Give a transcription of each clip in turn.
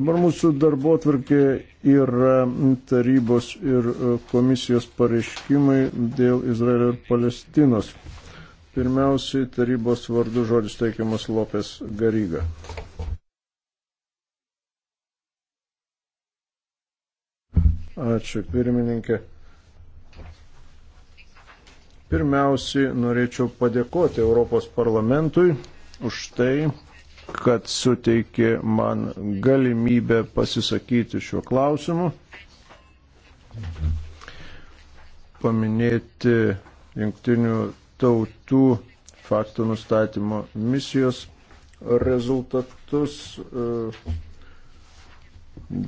Dabar mūsų darbo atvarkė yra tarybos ir e, komisijos pareiškimai dėl Izraelio ir Palestinos. Pirmiausiai tarybos vardu žodis teikiamas Lopės Garyga. Ačiū, pirmininkė. Pirmiausiai norėčiau padėkoti Europos parlamentui už tai, kad suteikė man galimybę pasisakyti šiuo klausimu, paminėti jungtinių tautų faktų nustatymo misijos rezultatus e,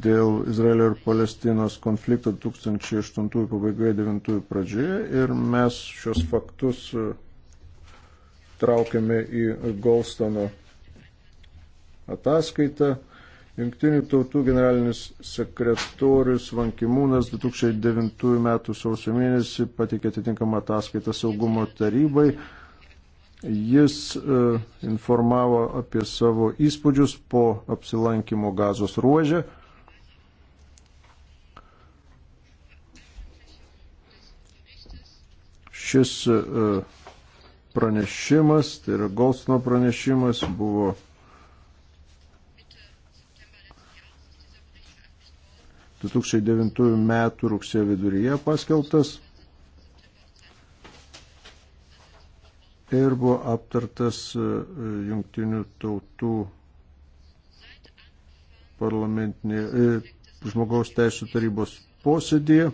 dėl Izraelio ir Palestinos konflikto 2008 pabaigoje 9 pradžioje ir mes šios faktus e, traukiame į Golstono ataskaitą. Junktinių tautų generalinis sekretorius Vankimūnas 2009 m. sausio mėnesį patikė atitinkamą ataskaitą saugumo tarybai. Jis e, informavo apie savo įspūdžius po apsilankimo gazos ruožė. Šis e, pranešimas, tai yra Golsno pranešimas, buvo 2009 metų rugsėjo viduryje paskeltas ir buvo aptartas e, jungtinių tautų parlamentinė e, žmogaus teisų tarybos posėdėje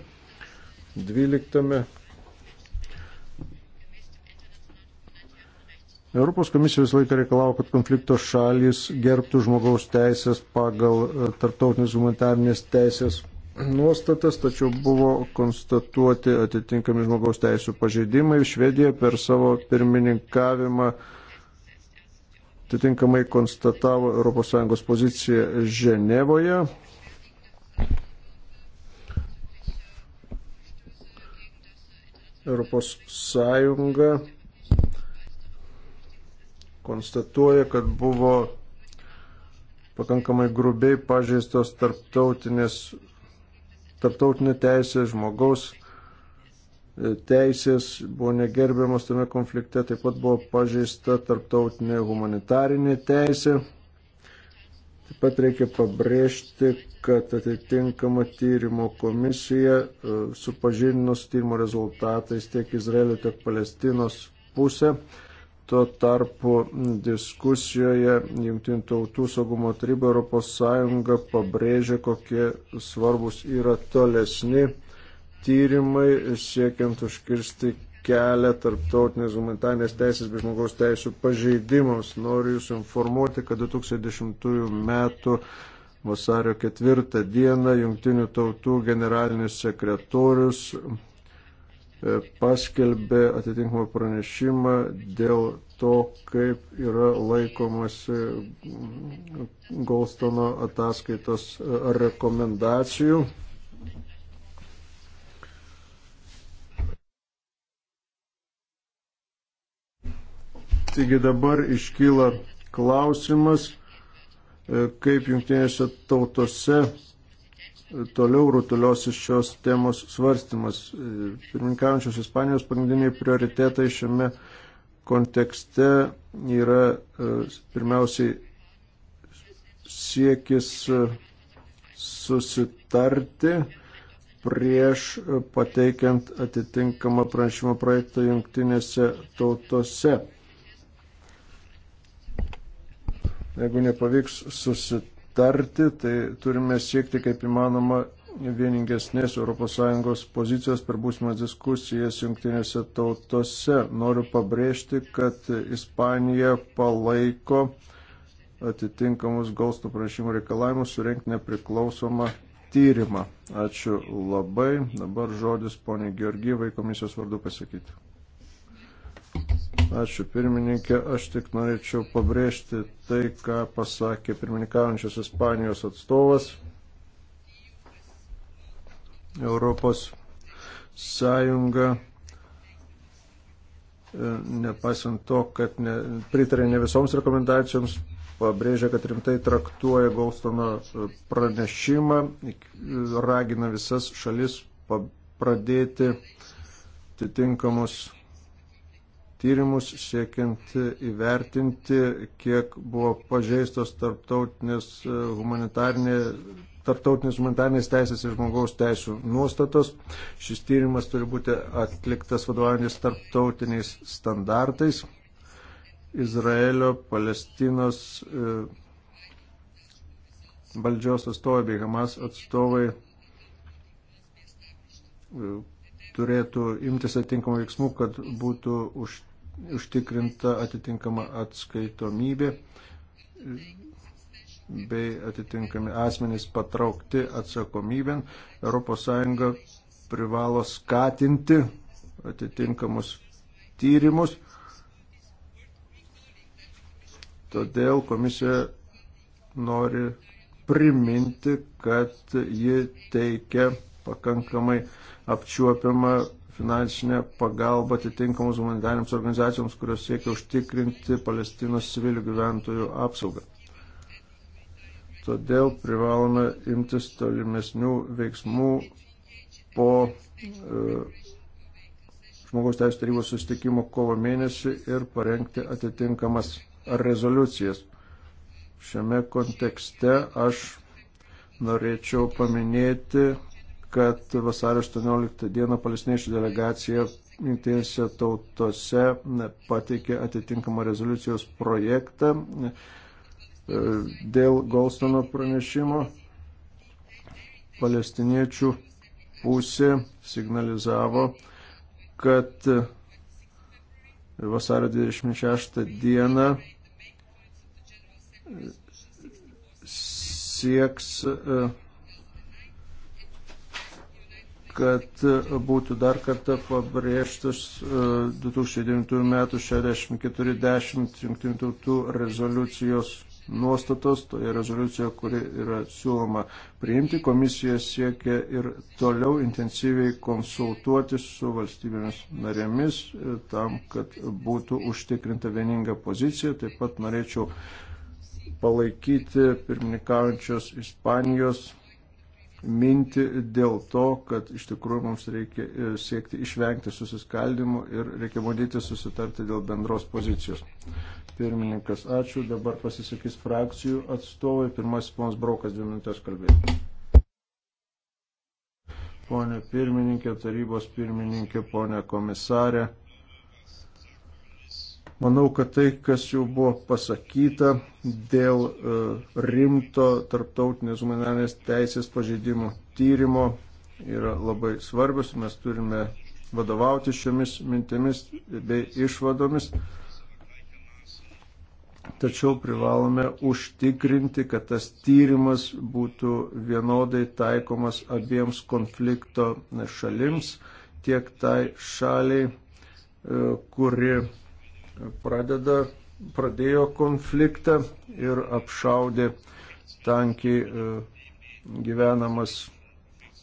12 Europos komisija visą laiką reikalavo, kad konflikto šalis gerbtų žmogaus teisės pagal e, tarptautinės humanitarnės teisės nuostatas, tačiau buvo konstatuoti atitinkami žmogaus teisų pažeidimai. Švedija per savo pirmininkavimą atitinkamai konstatavo ES poziciją Ženevoje. Europos Sąjunga konstatuoja, kad buvo pakankamai grubiai pažeistos tarptautinės, tarptautinė teisė, žmogaus e, teisės buvo negerbiamos tame konflikte, taip pat buvo pažeista tarptautinė humanitarinė teisė. Taip pat reikia pabrėžti, kad atitinkama tyrimo komisija e, supažindino su tyrimo rezultatais tiek Izraelio, tiek Palestinos pusė. Tuo tarpu diskusijoje Junktinių tautų saugumo taryba ES pabrėžė, kokie svarbus yra tolesni tyrimai siekiant užkirsti kelią tarptautinės humanitarnės teisės bei žmogaus teisų pažeidimams. Noriu Jūs informuoti, kad 2010 m. vasario 4 d. Junktinių tautų generalinis sekretorius E, paskelbė atitinkamą pranešimą dėl to, kaip yra laikomasi Goldstono ataskaitos rekomendacijų. Taigi dabar iškyla klausimas, e, kaip jungtinėse tautose toliau rutuliosis šios temos svarstymas. Pirminkaujančios Ispanijos pagrindiniai prioritetai šiame kontekste yra e, pirmiausiai siekis e, susitarti prieš e, pateikiant atitinkamą pranešimo projektą jungtinėse tautose. Jeigu nepavyks susitarti, tarti, tai turime siekti kaip įmanoma vieningesnės ES pozicijos per būsimas diskusijas jungtinėse tautose. Noriu pabrėžti, kad Ispanija palaiko atitinkamus gaustų prašymų reikalavimus surenkti nepriklausomą tyrimą. Ačiū labai. Dabar žodis poniai Georgyvai komisijos vardu pasakyti. Ačiū pirmininkė, aš tik norėčiau pabrėžti tai, ką pasakė pirmininkaujančios Ispanijos atstovas. Europos Sąjunga, e, nepaisant to, kad ne, pritarė ne visoms rekomendacijoms, pabrėžia, kad rimtai traktuoja Goldstono e, pranešimą, ragina visas šalis pradėti atitinkamus tyrimus siekiant įvertinti, kiek buvo pažeistos tarptautinės e, humanitarnė, tarptautinės humanitarnės teisės ir žmogaus teisų nuostatos. Šis tyrimas turi būti atliktas vadovaujantis tarptautiniais standartais. Izraelio, Palestinos e, valdžios atstovai bei Hamas atstovai e, turėtų imtis atinkamų veiksmų, kad būtų už užtikrinta atitinkama atskaitomybė bei atitinkami asmenys patraukti atsakomybėn. ES privalo skatinti atitinkamus tyrimus. Todėl komisija nori priminti, kad ji teikia pakankamai apčiuopiamą finansinę pagalbą atitinkamus humanitariniams organizacijoms, kurios siekia užtikrinti Palestinos civilių gyventojų apsaugą. Todėl privalome imtis tolimesnių veiksmų po e, žmogaus teisų tarybos sustikimo kovo mėnesį ir parengti atitinkamas rezoliucijas. Šiame kontekste aš norėčiau paminėti kad vasario 18 dieną palestiniečių delegacija jungtinėse tautose pateikė atitinkamą rezoliucijos projektą e, dėl Golstono pranešimo. Palestiniečių pusė signalizavo, kad e, vasario 26 dieną e, sieks uh, kad e, būtų dar kartą pabrėžtas 2009 m. 6410 jungtinių tautų rezoliucijos nuostatos, toje tai rezoliucijoje, kuri yra siūloma priimti, komisija siekia ir toliau intensyviai konsultuotis su valstybėmis narėmis e, tam, kad būtų užtikrinta vieninga pozicija. Taip pat norėčiau palaikyti pirmininkaujančios Ispanijos mintį dėl to, kad iš tikrųjų mums reikia e, siekti išvengti susiskaldimų ir reikia bandyti susitarti dėl bendros pozicijos. Pirmininkas, ačiū. Dabar pasisakys frakcijų atstovai. Pirmasis ponas Brokas dvi minutės kalbėjo. Pone pirmininkė, tarybos pirmininkė, pone komisarė. Manau, kad tai, kas jau buvo pasakyta dėl e, rimto tarptautinės humanitarinės teisės pažeidimų tyrimo, yra labai svarbios. Mes turime vadovauti šiomis mintimis bei išvadomis. Tačiau privalome užtikrinti, kad tas tyrimas būtų vienodai taikomas abiems konflikto šalims, tiek tai šaliai, e, kuri pradeda, pradėjo konfliktą ir apšaudė tankiai e, gyvenamas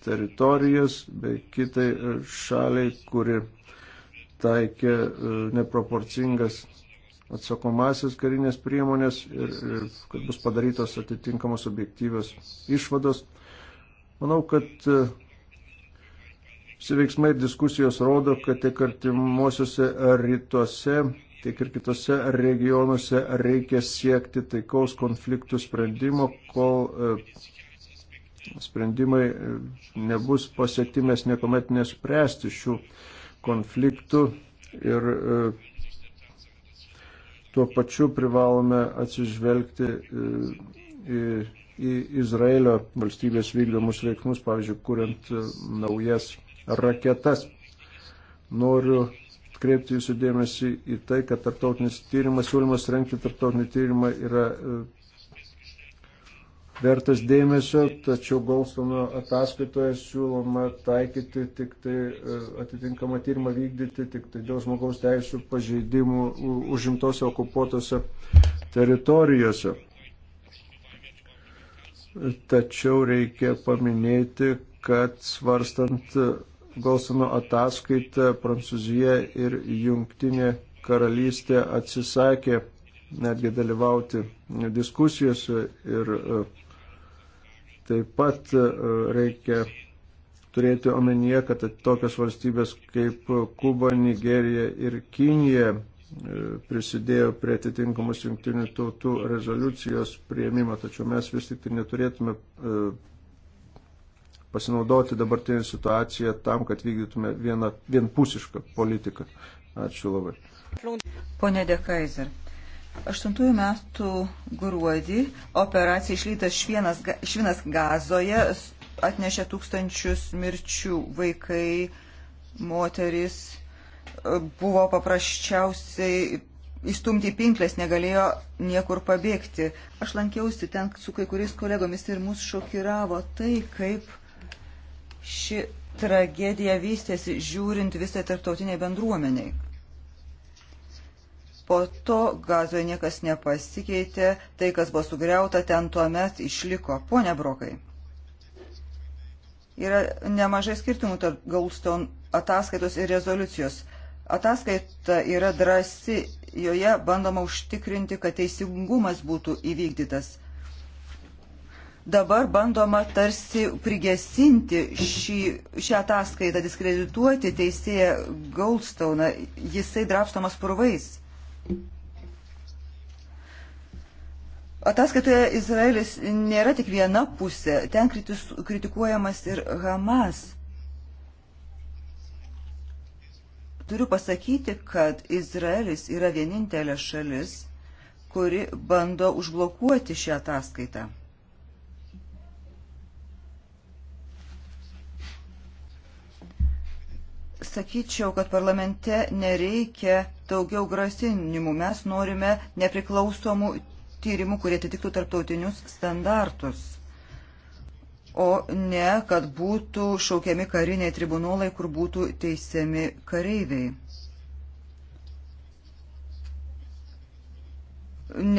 teritorijas bei kitai e, šaliai, kuri taikė e, neproporcingas atsakomasis karinės priemonės ir, ir kad bus padarytos atitinkamos objektyvios išvados. Manau, kad visi veiksmai ir diskusijos rodo, kad tiek artimuosiuose rytuose tiek ir kitose regionuose reikia siekti taikaus konfliktų sprendimo, kol e, sprendimai e, nebus pasiekti, mes niekuomet nespręsti šių konfliktų ir e, tuo pačiu privalome atsižvelgti į, į Izraelio valstybės vykdomus veiksmus, pavyzdžiui, kuriant naujas raketas. Noriu atkreipti jūsų dėmesį į tai, kad tarptautinis tyrimas, siūlymas rengti tarptautinį tyrimą yra e, vertas dėmesio, tačiau Goldstono ataskaitoje siūloma taikyti tik tai e, atitinkamą tyrimą vykdyti tik tai dėl žmogaus teisų pažeidimų užimtose okupuotose teritorijose. Tačiau reikia paminėti, kad svarstant Golsono ataskaitą Prancūzija ir Jungtinė karalystė atsisakė netgi dalyvauti diskusijose ir e, taip pat e, reikia turėti omenyje, kad tokios valstybės kaip Kuba, Nigerija ir Kinija e, prisidėjo prie atitinkamos jungtinių tautų rezoliucijos prieimimo, tačiau mes vis tik tai neturėtume pasinaudoti dabartinę situaciją tam, kad vykdytume vieną, vienpusišką politiką. Ačiū labai. Pone Dekaiser, 8 metų gruodį operacija išlytas švienas, švienas gazoje atnešė tūkstančius mirčių. Vaikai, moteris e, buvo paprasčiausiai įstumti į pinklės, negalėjo niekur pabėgti. Aš lankiausi ten su kai kuriais kolegomis ir mus šokiravo tai, kaip ši tragedija vystėsi žiūrint visai tarptautiniai bendruomeniai. Po to gazoje niekas nepasikeitė, tai, kas buvo sugriauta, ten tuo met išliko. Pone Brokai, yra nemažai skirtumų tarp Goldstone ataskaitos ir rezoliucijos. Ataskaita yra drasi, joje bandoma užtikrinti, kad teisingumas būtų įvykdytas – dabar bandoma tarsi prigesinti šį, šią ataskaitą, diskredituoti teisėją Goldstoną. Jisai drapstomas purvais. Ataskaitoje Izraelis nėra tik viena pusė, ten kritis, kritikuojamas ir Hamas. Turiu pasakyti, kad Izraelis yra vienintelė šalis, kuri bando užblokuoti šią ataskaitą. sakyčiau, kad parlamente nereikia daugiau grasinimų. Mes norime nepriklausomų tyrimų, kurie atitiktų tarptautinius standartus. O ne, kad būtų šaukiami kariniai tribunolai, kur būtų teisiami kareiviai.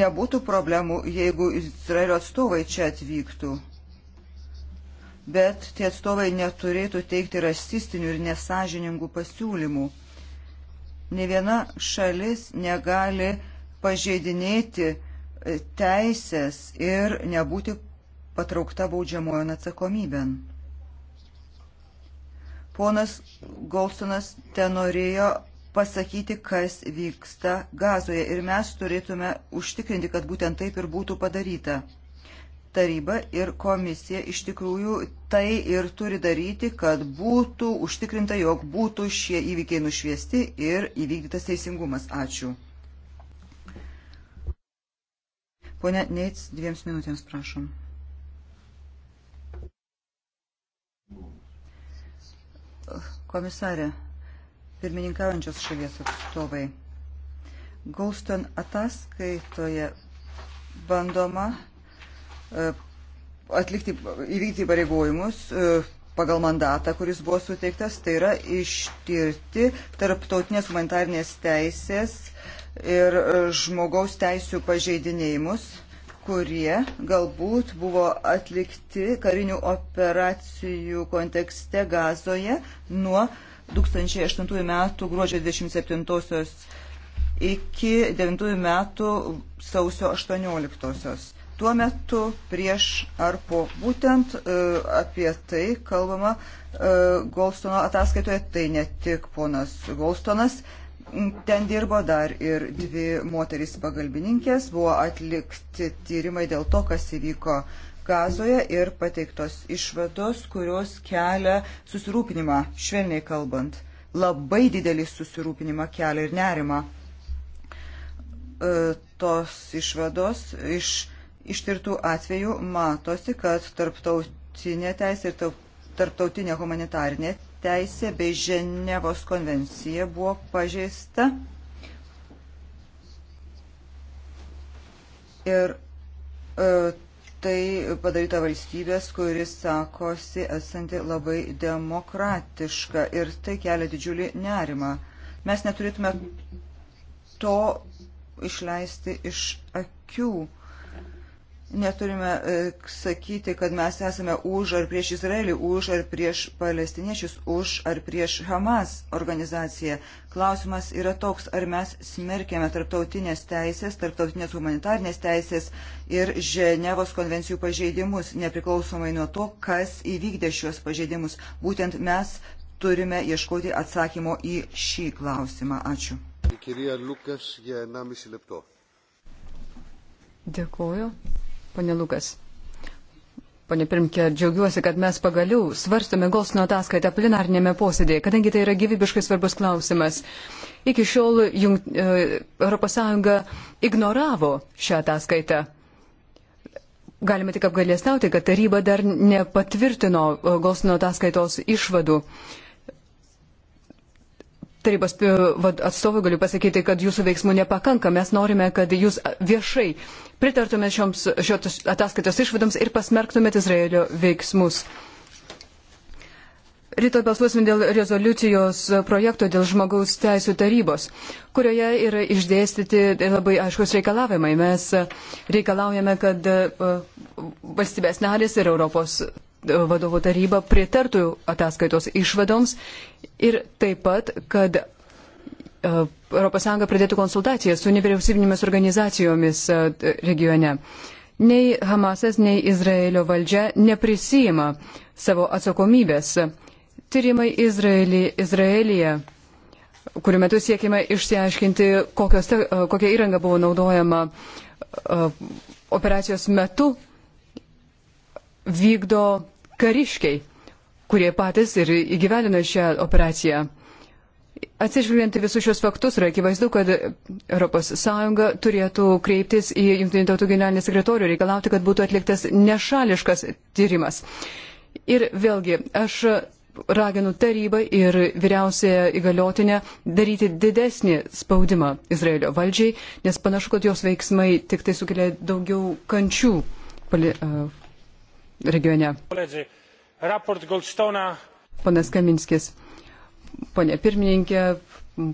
Nebūtų problemų, jeigu Izraelio atstovai čia atvyktų bet tie atstovai neturėtų teikti rasistinių ir nesažiningų pasiūlymų. Ne viena šalis negali pažeidinėti e, teisės ir nebūti patraukta baudžiamojon atsakomybėn. Ponas Golsonas ten norėjo pasakyti, kas vyksta gazoje ir mes turėtume užtikrinti, kad būtent taip ir būtų padaryta taryba ir komisija iš tikrųjų tai ir turi daryti, kad būtų užtikrinta, jog būtų šie įvykiai nušviesti ir įvykdytas teisingumas. Ačiū. Pone Neits, dviems minutėms prašom. Komisarė, pirmininkaujančios šalies atstovai. Gauston ataskaitoje bandoma E, atlikti, įvykti pareigojimus e, pagal mandatą, kuris buvo suteiktas, tai yra ištirti tarptautinės humanitarnės teisės ir e, žmogaus teisų pažeidinėjimus, kurie galbūt buvo atlikti karinių operacijų kontekste Gazoje nuo 2008 metų gruodžio 27 iki 9 metų sausio 18. -osios tuo metu, prieš ar po. Būtent e, apie tai kalbama e, Goldstono ataskaitoje, tai ne tik ponas Goldstonas. Ten dirbo dar ir dvi moterys pagalbininkės, buvo atlikti tyrimai dėl to, kas įvyko Gazoje ir pateiktos išvados, kurios kelia susirūpinimą, švelniai kalbant, labai didelį susirūpinimą kelia ir nerimą. E, tos išvados iš ištirtų atvejų matosi, kad tarptautinė teisė ir tarptautinė humanitarinė teisė bei Ženevos konvencija buvo pažeista. Ir e, tai padaryta valstybės, kuris sakosi esanti labai demokratiška ir tai kelia didžiulį nerimą. Mes neturėtume to išleisti iš akių. Neturime e, sakyti, kad mes esame už ar prieš Izraelį, už ar prieš palestiniečius, už ar prieš Hamas organizaciją. Klausimas yra toks, ar mes smerkėme tarptautinės teisės, tarptautinės humanitarnės teisės ir Ženevos konvencijų pažeidimus, nepriklausomai nuo to, kas įvykdė šios pažeidimus. Būtent mes turime ieškoti atsakymo į šį klausimą. Ačiū. Dėkuoju. Pone Lukas. Pone Pirmke, džiaugiuosi, kad mes pagaliau svarstome Golsno ataskaitą plenarnėme posėdėje, kadangi tai yra gyvybiškai svarbus klausimas. Iki šiol jung, e, ES ignoravo šią ataskaitą. Galime tik apgalėstauti, kad taryba dar nepatvirtino e, Golsno ataskaitos išvadų. E, tarybos e, atstovui galiu pasakyti, kad jūsų veiksmų nepakanka. Mes norime, kad jūs viešai pritartumėt šioms šios ataskaitos išvadoms ir pasmerktumėt Izraelio veiksmus. Rytoj balsuosim dėl rezoliucijos projekto dėl žmogaus teisų tarybos, kurioje yra išdėstyti labai aiškus reikalavimai. Mes reikalaujame, kad e, valstybės narės ir Europos vadovų taryba pritartų ataskaitos išvadoms ir taip pat, kad ES pradėtų konsultacijas su nevyriausybinėmis organizacijomis e, regione. Nei Hamasas, nei Izraelio valdžia neprisijima savo atsakomybės. Tyrimai Izraelį, Izraelyje, kuriuo metu siekime išsiaiškinti, kokios, e, kokia įranga buvo naudojama e, operacijos metu, vykdo kariškiai, kurie patys ir įgyvelino šią operaciją. Atsižvelgiant į visus šios faktus, yra akivaizdu, kad ES turėtų kreiptis į Junktinių tautų generalinį sekretorių ir reikalauti, kad būtų atliktas nešališkas tyrimas. Ir vėlgi, aš raginu tarybą ir vyriausiąją įgaliotinę daryti didesnį spaudimą Izraelio valdžiai, nes panašu, kad jos veiksmai tik tai sukelia daugiau kančių pali, uh, regione. Ponas Kaminskis, ponė pirmininkė,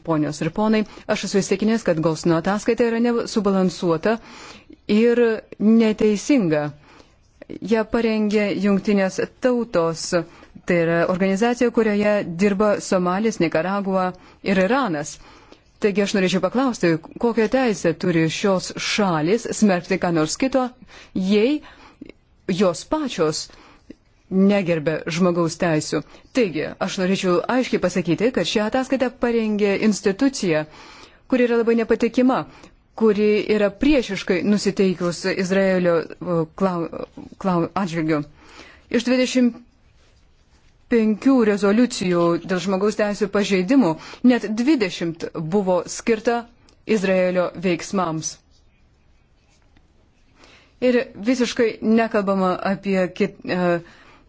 ponios ir ponai, aš esu įsitikinęs, kad Golsno ataskaita yra nesubalansuota ir neteisinga. Ja parengė jungtinės tautos, tai yra organizacija, kurioje dirba Somalis, Nikaragua ir Iranas. Taigi aš norėčiau paklausti, kokią teisę turi šios šalis smerkti ką nors kito, jei jos pačios negerbė žmogaus teisų. Taigi, aš norėčiau aiškiai pasakyti, kad šią ataskaitą parengė institucija, kuri yra labai nepatikima, kuri yra priešiškai nusiteikus Izraelio klau, klau, atžvilgiu. Iš 25 rezoliucijų dėl žmogaus teisų pažeidimų net 20 buvo skirta Izraelio veiksmams. Ir visiškai nekalbama apie kit, uh,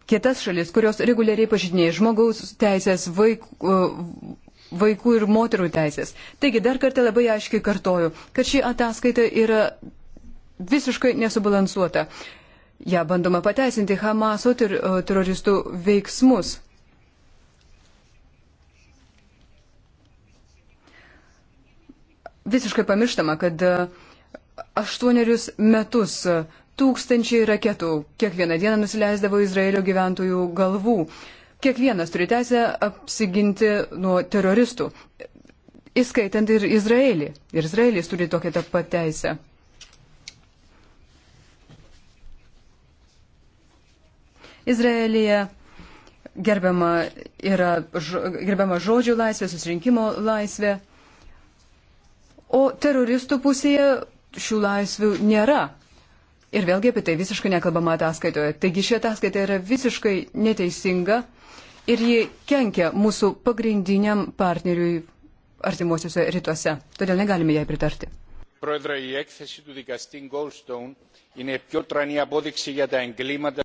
kitas šalis, kurios reguliariai pažydinėja žmogaus teisės, vaikų, uh, e, vaikų ir moterų teisės. Taigi dar kartą labai aiškiai kartoju, kad ši ataskaita yra visiškai nesubalansuota. Ja bandoma pateisinti Hamaso ter e, teroristų veiksmus. Visiškai pamirštama, kad uh, aštuonerius metus tūkstančiai raketų kiekvieną dieną nusileisdavo Izraelio gyventojų galvų. Kiekvienas turi teisę apsiginti nuo teroristų, įskaitant ir Izraelį. Ir Izraelis turi tokią tą pat teisę. Izraelija gerbiama yra gerbiama žodžių laisvė, susirinkimo laisvė. O teroristų pusėje šių laisvių nėra. Ir vėlgi apie tai visiškai nekalbama ataskaitoje. Taigi ši ataskaita yra visiškai neteisinga ir ji kenkia mūsų pagrindiniam partneriui artimuosiuose rytuose. Todėl negalime jai pritarti. Πρόεδρε, η έκθεση του δικαστή Goldstone είναι πιο τρανή απόδειξη για τα εγκλήματα.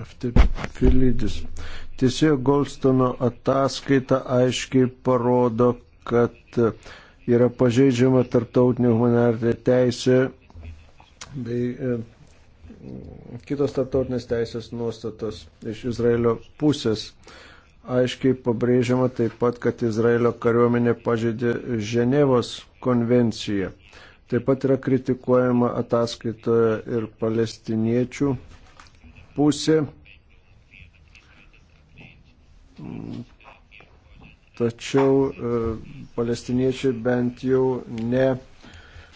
Αυτή φιλίτης. Tiesiog Goldstone ataskaita aiškiai parodo, kad uh, yra pažeidžiama tarptautinė humanitarinė teisė bei e, kitos tarptautinės teisės nuostatos iš Izraelio pusės. Aiškiai pabrėžiama taip pat, kad Izraelio kariuomenė pažeidė Ženevos konvenciją. Taip pat yra kritikuojama ataskaitoje ir palestiniečių pusė tačiau e, palestiniečiai bent jau ne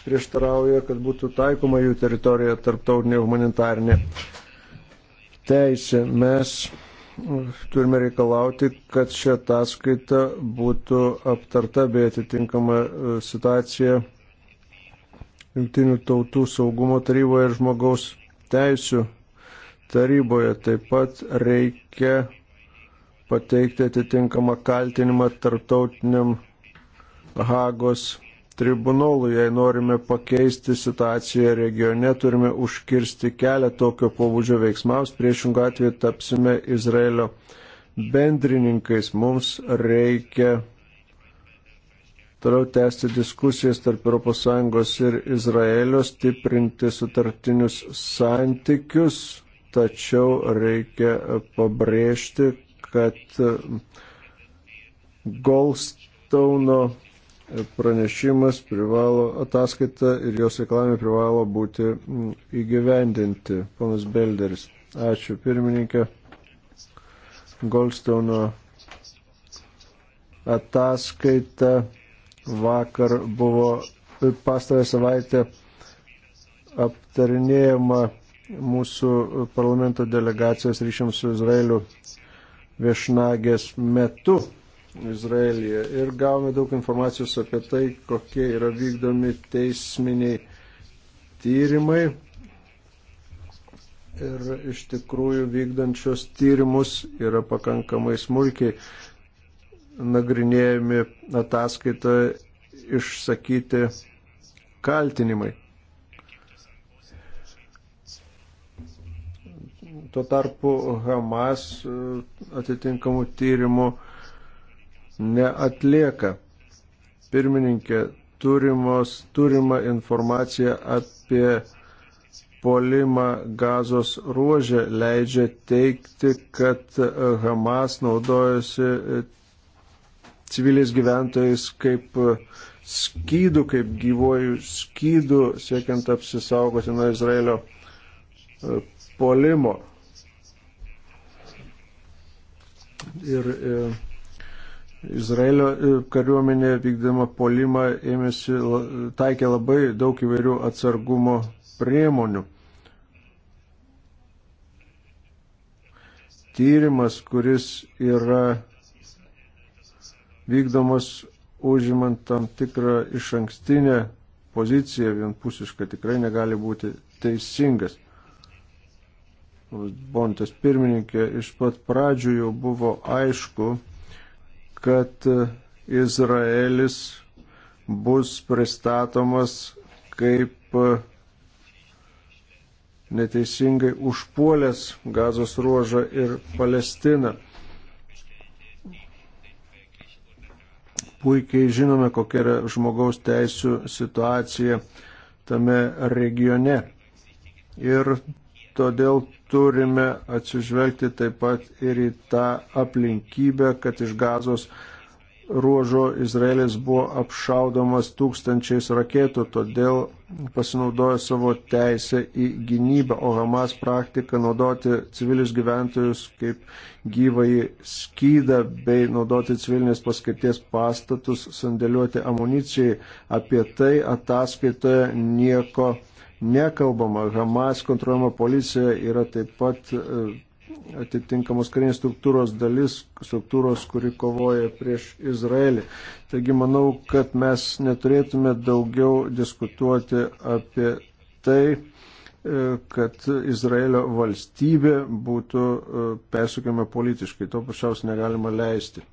prieštarauja, kad būtų taikoma jų teritorija tarptautinė humanitarinė teisė. Mes e, turime reikalauti, kad šią ataskaitą būtų aptarta bei atitinkama e, situacija Junktinių tautų saugumo taryboje ir žmogaus teisų taryboje. Taip pat reikia pateikti atitinkamą kaltinimą tarptautiniam Hagos tribunolui. Jei norime pakeisti situaciją regione, turime užkirsti kelią tokio pobūdžio veiksmams, priešingų atveju tapsime Izraelio bendrininkais. Mums reikia toliau tęsti diskusijas tarp ES ir Izraelio, stiprinti sutartinius santykius, tačiau reikia pabrėžti, kad Goldstone pranešimas privalo, ataskaita ir jos reikalavimai privalo būti įgyvendinti. Ponas Belderis. Ačiū pirmininkė. Goldstone ataskaita vakar buvo pastarą savaitę aptarinėjama mūsų parlamento delegacijos ryšiams su Izraeliu viešnagės metu Izraelyje. Ir gavome daug informacijos apie tai, kokie yra vykdomi teisminiai tyrimai. Ir iš tikrųjų vykdančios tyrimus yra pakankamai smulkiai nagrinėjami ataskaitoje išsakyti kaltinimai. Tuo tarpu Hamas e, atitinkamų tyrimų neatlieka. Pirmininkė, turimos, turima informacija apie polimą gazos ruožę leidžia teikti, kad Hamas naudojasi e, civiliais gyventojais kaip e, skydų, kaip gyvojų skydų, siekiant apsisaugoti nuo Izraelio polimo. ir e, Izraelio e, kariuomenė vykdama polimą ėmėsi, taikė labai daug įvairių atsargumo priemonių. Tyrimas, kuris yra vykdomas užimant tam tikrą iš ankstinę poziciją vienpusišką, tikrai negali būti teisingas. Bontas pirmininkė, iš pat pradžių jau buvo aišku, kad e, Izraelis bus pristatomas kaip e, neteisingai užpuolęs gazos ruožą ir Palestiną. Puikiai žinome, kokia yra žmogaus teisų situacija tame regione. Ir Todėl turime atsižvelgti taip pat ir į tą aplinkybę, kad iš gazos ruožo Izraelis buvo apšaudomas tūkstančiais raketų, todėl pasinaudojo savo teisę į gynybą, o Hamas praktika naudoti civilius gyventojus kaip gyvai skydą bei naudoti civilinės paskirties pastatus, sandėliuoti amunicijai. Apie tai ataskaitoje nieko nekalbama. Hamas kontroliuojama policija yra taip pat e, atitinkamos karinės struktūros dalis, struktūros, kuri kovoja prieš Izraelį. Taigi manau, kad mes neturėtume daugiau diskutuoti apie tai, e, kad Izraelio valstybė būtų e, persukiama politiškai. To pašiaus negalima leisti.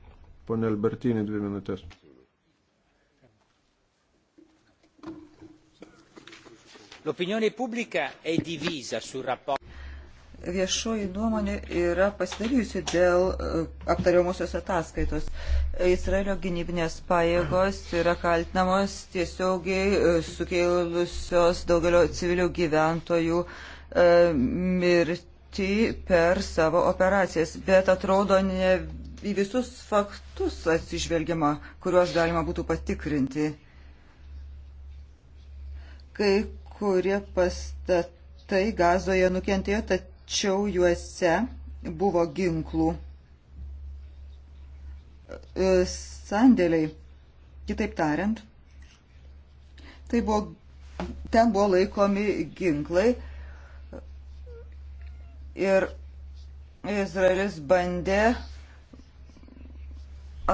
Pone Albertinį, dvi minutės. L'opinione pubblica è divisa sul rapporto. Viešoji nuomonė yra pasidalijusi dėl e, aptariamosios ataskaitos. Izraelio gynybinės pajėgos yra kaltinamos tiesiogiai e, sukėlusios daugelio civilių gyventojų e, mirti per savo operacijas, bet atrodo ne į visus faktus atsižvelgiama, kuriuos galima būtų patikrinti. Kai kurie pastatai gazoje nukentėjo, tačiau juose buvo ginklų e, sandėliai. Kitaip tariant, tai buvo, ten buvo laikomi ginklai ir Izraelis bandė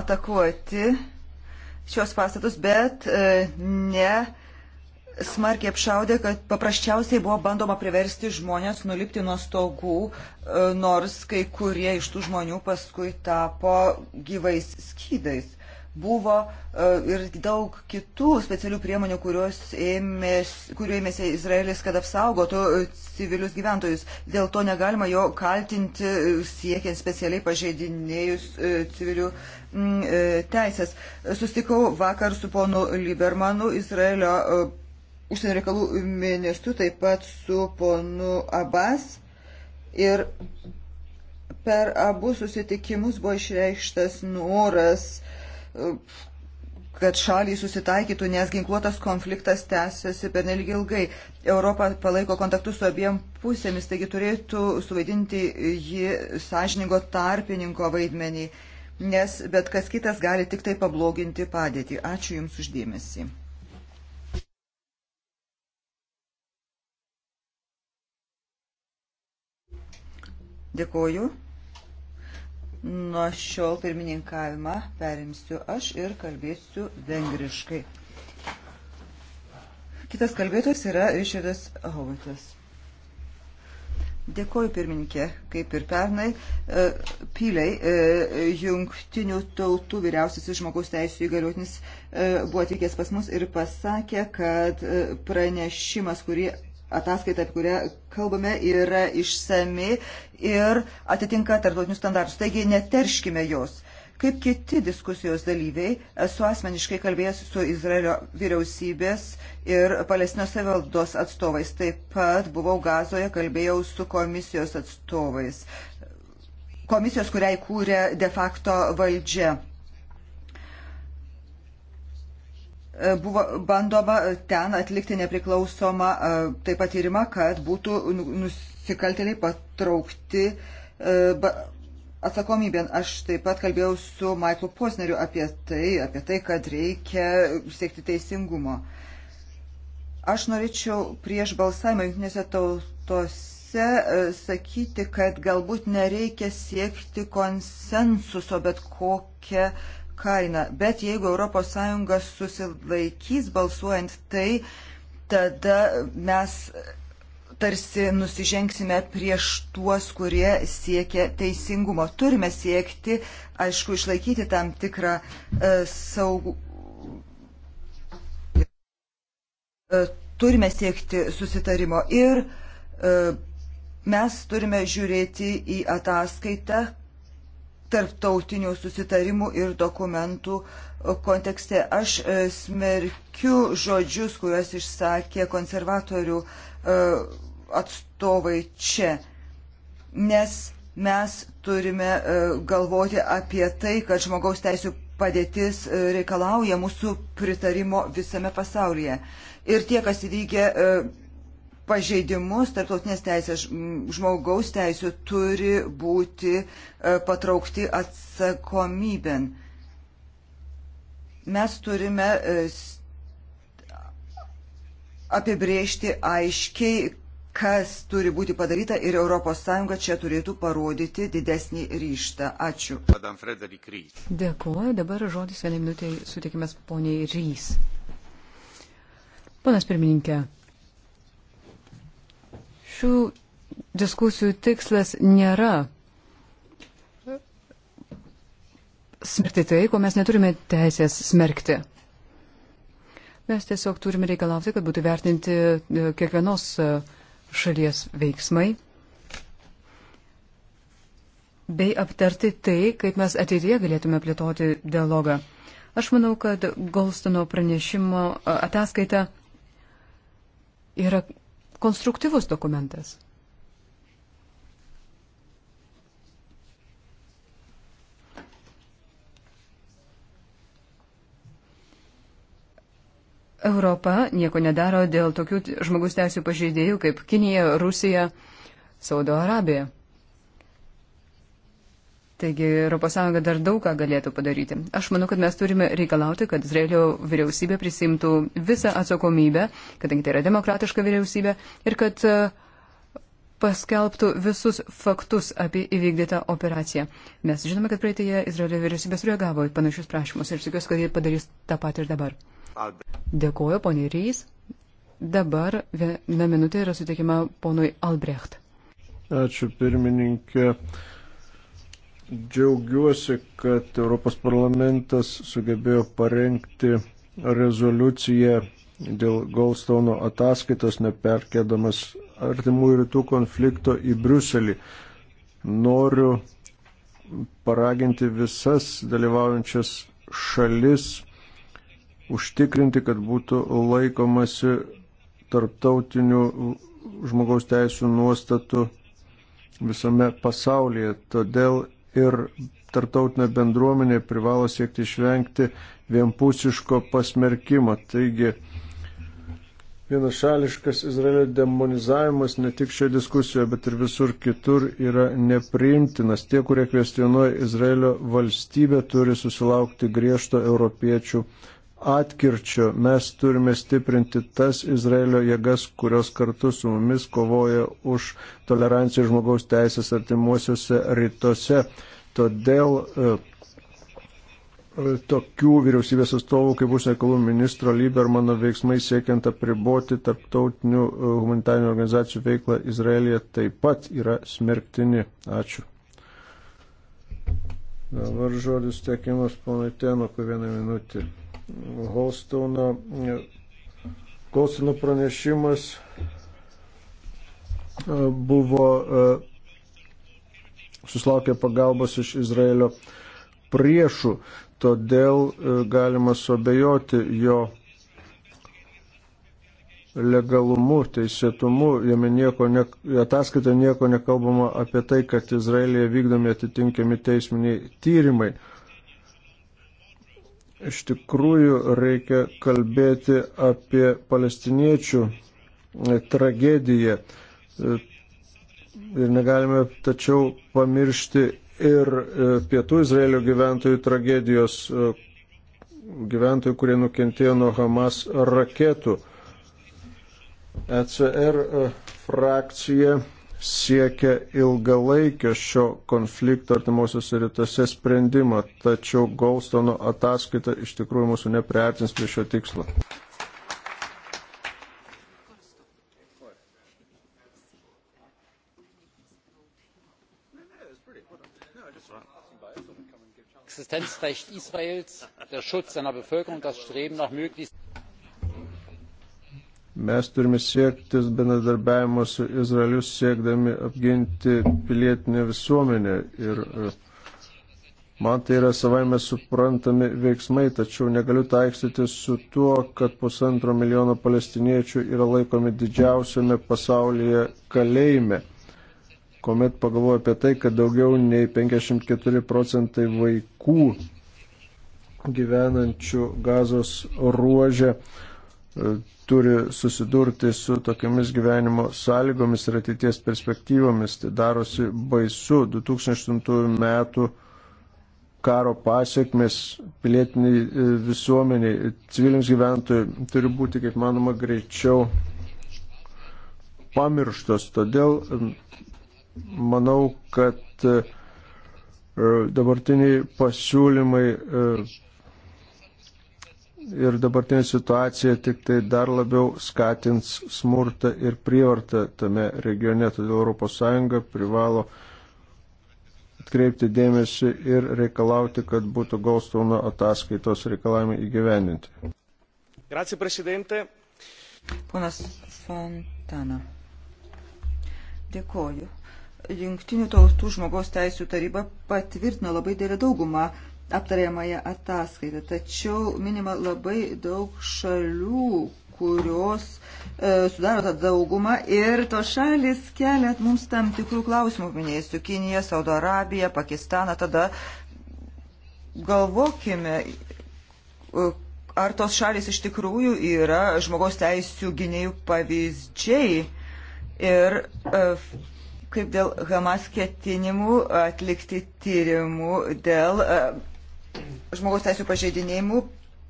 atakuoti šios pastatus, bet e, ne smarkiai apšaudė, kad paprasčiausiai buvo bandoma priversti žmonės nulipti nuo stogų, e, nors kai kurie iš tų žmonių paskui tapo gyvais skydais. Buvo e, ir daug kitų specialių priemonių, ėmės, kuriuo ėmėsi Izraelis, kad apsaugotų e, civilius gyventojus. Dėl to negalima jo kaltinti siekiant specialiai pažeidinėjus civilių mm, teisės. Sustikau vakar su ponu Libermanu, Izraelio užsienio reikalų ministru, taip pat su ponu Abbas. Ir per abu susitikimus buvo išreikštas noras, e, kad šaliai susitaikytų, nes ginkluotas konfliktas tęsiasi per nelgi ilgai. Europa palaiko kontaktus su abiem pusėmis, taigi turėtų suvaidinti jį sąžiningo tarpininko vaidmenį, nes bet kas kitas gali tik tai pabloginti padėtį. Ačiū Jums uždėmesi. Dėkuoju. Nuo šiol pirmininkavimą perimsiu aš ir kalbėsiu vengriškai. Kitas kalbėtojas yra Ričardas Hovatas. Dėkoju pirmininkė, kaip ir pernai. E, Pyliai, e, jungtinių tautų vyriausiasis žmogaus teisų įgaliotinis e, buvo atvykęs pas mus ir pasakė, kad pranešimas, kurį ataskaita, apie kurią kalbame, yra išsami ir atitinka tarptautinius standartus. Taigi neterškime jos. Kaip kiti diskusijos dalyviai, esu asmeniškai kalbėjęs su Izraelio vyriausybės ir Palestinos savivaldos atstovais. Taip pat buvau Gazoje, kalbėjau su komisijos atstovais. Komisijos, kuriai kūrė de facto valdžia E, buvo bandoma ten atlikti nepriklausomą e, taip pat tyrimą, kad būtų nu, nusikaltėliai patraukti e, atsakomybėn. Aš taip pat kalbėjau su Michaelu Posneriu apie tai, apie tai, kad reikia siekti teisingumo. Aš norėčiau prieš balsavimą jungtinėse tautose sakyti, kad galbūt nereikia siekti konsensuso, bet kokią kainą. Bet jeigu ES susilaikys balsuojant, tai tada mes tarsi nusižengsime prieš tuos, kurie siekia teisingumo. Turime siekti, aišku, išlaikyti tam tikrą e, saugų. E, turime siekti susitarimo ir e, mes turime žiūrėti į ataskaitą, tarptautinių susitarimų ir dokumentų kontekste. Aš e, smerkiu žodžius, kuriuos išsakė konservatorių e, atstovai čia, nes mes turime e, galvoti apie tai, kad žmogaus teisų padėtis reikalauja mūsų pritarimo visame pasaulyje. Ir tie, kas įvykė pažeidimus tarptautinės teisės žmogaus teisų turi būti e, patraukti atsakomybėn. Mes turime e, apibriežti aiškiai, kas turi būti padaryta ir ES čia turėtų parodyti didesnį ryštą. Ačiū. Dėkuoju. Dabar žodis vienai minutiai sutikimas poniai Rys. Ponas pirmininkė, šių diskusijų tikslas nėra smerkti tai, ko mes neturime teisės smerkti. Mes tiesiog turime reikalauti, kad būtų vertinti e, kiekvienos e, šalies veiksmai bei aptarti tai, kaip mes ateityje galėtume plėtoti dialogą. Aš manau, kad Golstono pranešimo ataskaita yra konstruktyvus dokumentas. Europa nieko nedaro dėl tokių žmogus teisų pažeidėjų kaip Kinija, Rusija, Saudo Arabija. Taigi ES dar daug ką galėtų padaryti. Aš manau, kad mes turime reikalauti, kad Izraelio vyriausybė prisimtų visą atsakomybę, kadangi tai yra demokratiška vyriausybė, ir kad e, paskelbtų visus faktus apie įvykdytą operaciją. Mes žinome, kad praeitėje Izraelio vyriausybė sureagavo į panašius prašymus ir tikiuosi, kad jie padarys tą patį ir dabar. Dėkuoju, poniai Rys. Dabar viena minutė yra suteikima ponui Albrecht. Ačiū pirmininkė. Džiaugiuosi, kad Europos parlamentas sugebėjo parengti rezoliuciją dėl Goldstone ataskaitos, neperkėdamas artimų rytų konflikto į Bruselį. Noriu paraginti visas dalyvaujančias šalis užtikrinti, kad būtų laikomasi tarptautinių žmogaus teisų nuostatų visame pasaulyje. Todėl ir tarptautinė bendruomenė privalo siekti išvengti vienpusiško pasmerkimo. Taigi, vienašališkas Izraelio demonizavimas ne tik šioje diskusijoje, bet ir visur kitur yra nepriimtinas. Tie, kurie kvestionuoja Izraelio valstybę, turi susilaukti griežto europiečių atkirčio. Mes turime stiprinti tas Izraelio jėgas, kurios kartu su mumis kovoja už toleranciją žmogaus teisės artimuosiuose rytuose. Todėl e, e tokių vyriausybės atstovų kaip užsienio reikalų ministro Libermano veiksmai siekiant apriboti tarptautinių e, humanitarinių organizacijų veiklą Izraelija taip pat yra smerktini. Ačiū. Dabar žodis tiekimas ponui Tenokui vieną minutį. Holstauno, e, Holstauno pranešimas e, buvo e, susilaukė pagalbos iš Izraelio priešų, todėl galima suabejoti jo legalumu, teisėtumu, jame nieko, ne, ataskaita nieko nekalbama apie tai, kad Izraelėje vykdomi atitinkami teisminiai tyrimai. Iš tikrųjų reikia kalbėti apie palestiniečių e, tragediją. E, ir negalime tačiau pamiršti ir e, pietų Izraelio gyventojų tragedijos, gyventojų, kurie nukentėjo nuo Hamas raketų. ECR frakcija siekia ilgalaikio šio konflikto artimuosiuose rytuose sprendimo, tačiau Goldstone ataskaita iš tikrųjų mūsų nepriartins prie šio tikslo. existenzrecht israels der schutz seiner bevölkerung das streben nach möglichst. Mes turime siektis bendradarbiavimo su Izraeliu, siekdami apginti pilietinę visuomenę. Ir e, man tai yra savaime suprantami veiksmai, tačiau negaliu taikstytis su tuo, kad pusantro milijono palestiniečių yra laikomi didžiausiame pasaulyje kalėjime. Komet pagalvoju apie tai, kad daugiau nei 54 procentai vaikų gyvenančių gazos ruožė E, turi susidurti su tokiamis gyvenimo sąlygomis ir ateities perspektyvomis. Tai darosi baisu. 2008 metų karo pasiekmes pilietiniai e, visuomeniai, civiliams gyventojai turi būti, kaip manoma, greičiau pamirštos. Todėl manau, kad e, dabartiniai pasiūlymai ir dabartinė situacija tik tai dar labiau skatins smurtą ir prievartą tame regione, todėl ES privalo atkreipti dėmesį ir reikalauti, kad būtų Goldstone ataskaitos reikalavimai įgyvendinti. Grazie, prezidente. Ponas Fontana. Dėkoju. Junktinių tautų žmogaus teisų taryba patvirtino labai dėlę daugumą aptariamąją ataskaitą. Tačiau minima labai daug šalių, kurios e, sudaro tą daugumą ir tos šalis keliat mums tam tikrų klausimų, minėjusiu Kiniją, Saudo Arabiją, Pakistaną, tada galvokime, e, ar tos šalis iš tikrųjų yra žmogaus teisų gynėjų pavyzdžiai ir e, kaip dėl Hamas ketinimų atlikti tyrimų dėl e, žmogaus teisų pažeidinėjimų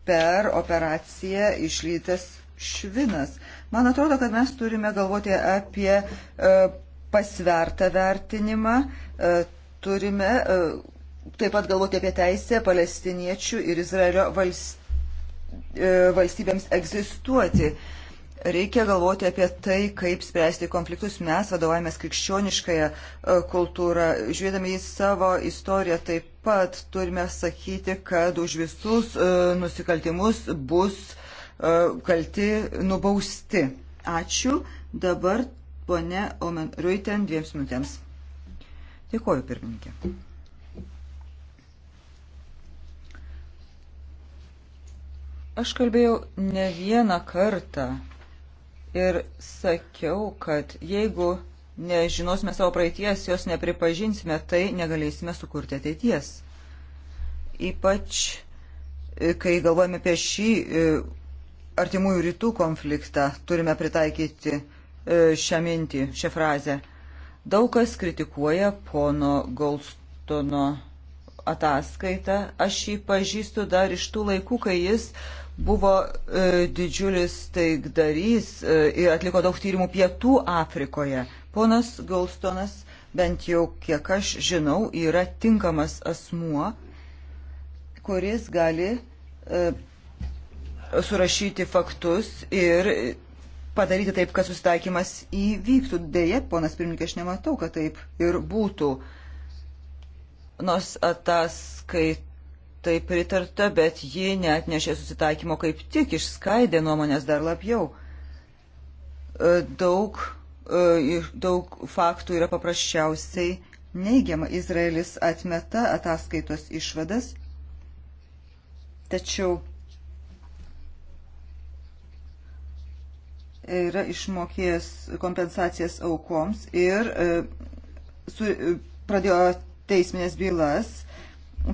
per operaciją išlytas švinas. Man atrodo, kad mes turime galvoti apie e, pasvertą vertinimą, e, turime e, taip pat galvoti apie teisę palestiniečių ir Izraelio valstybėms egzistuoti. Reikia galvoti apie tai, kaip spręsti konfliktus. Mes vadovavomės krikščioniškąją e, kultūrą. Žiūrėdami į savo istoriją taip pat turime sakyti, kad už visus e, nusikaltimus bus e, kalti nubausti. Ačiū. Dabar ponė Omen Ruiten dviems minutėms. Dėkoju, pirmininkė. Aš kalbėjau ne vieną kartą ir sakiau, kad jeigu nežinosime savo praeities, jos nepripažinsime, tai negalėsime sukurti ateities. Ypač, e, kai galvojame apie šį e, artimųjų rytų konfliktą, turime pritaikyti e, šią mintį, šią frazę. Daug kas kritikuoja pono Goldstono ataskaitą. Aš jį pažįstu dar iš tų laikų, kai jis buvo e, didžiulis taikdarys e, ir atliko daug tyrimų pietų Afrikoje. Ponas Goldstonas, bent jau kiek aš žinau, yra tinkamas asmuo, kuris gali e, surašyti faktus ir padaryti taip, kad susitaikymas įvyktų. Deja, ponas pirmininkė, aš nematau, kad taip ir būtų. Nors ataskait tai pritarta, bet ji net nešė susitaikymo kaip tik išskaidė nuomonės dar labiau. E, daug, e, daug faktų yra paprasčiausiai neigiama. Izraelis atmeta ataskaitos išvadas, tačiau yra išmokėjęs kompensacijas aukoms ir e, su, pradėjo teisminės bylas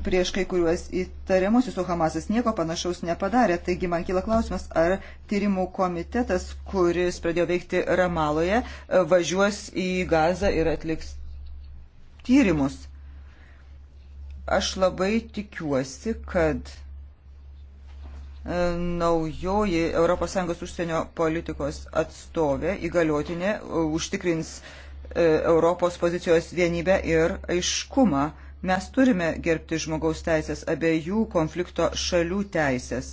prieš kai kuriuos įtariamusius, o Hamasas nieko panašaus nepadarė. Taigi man kyla klausimas, ar tyrimų komitetas, kuris pradėjo veikti Ramaloje, e, važiuos į Gazą ir atliks tyrimus. Aš labai tikiuosi, kad e, naujoji ES užsienio politikos atstovė įgaliotinė e, užtikrins Europos pozicijos vienybę ir aiškumą. Mes turime gerbti žmogaus teisės, abiejų konflikto šalių teisės,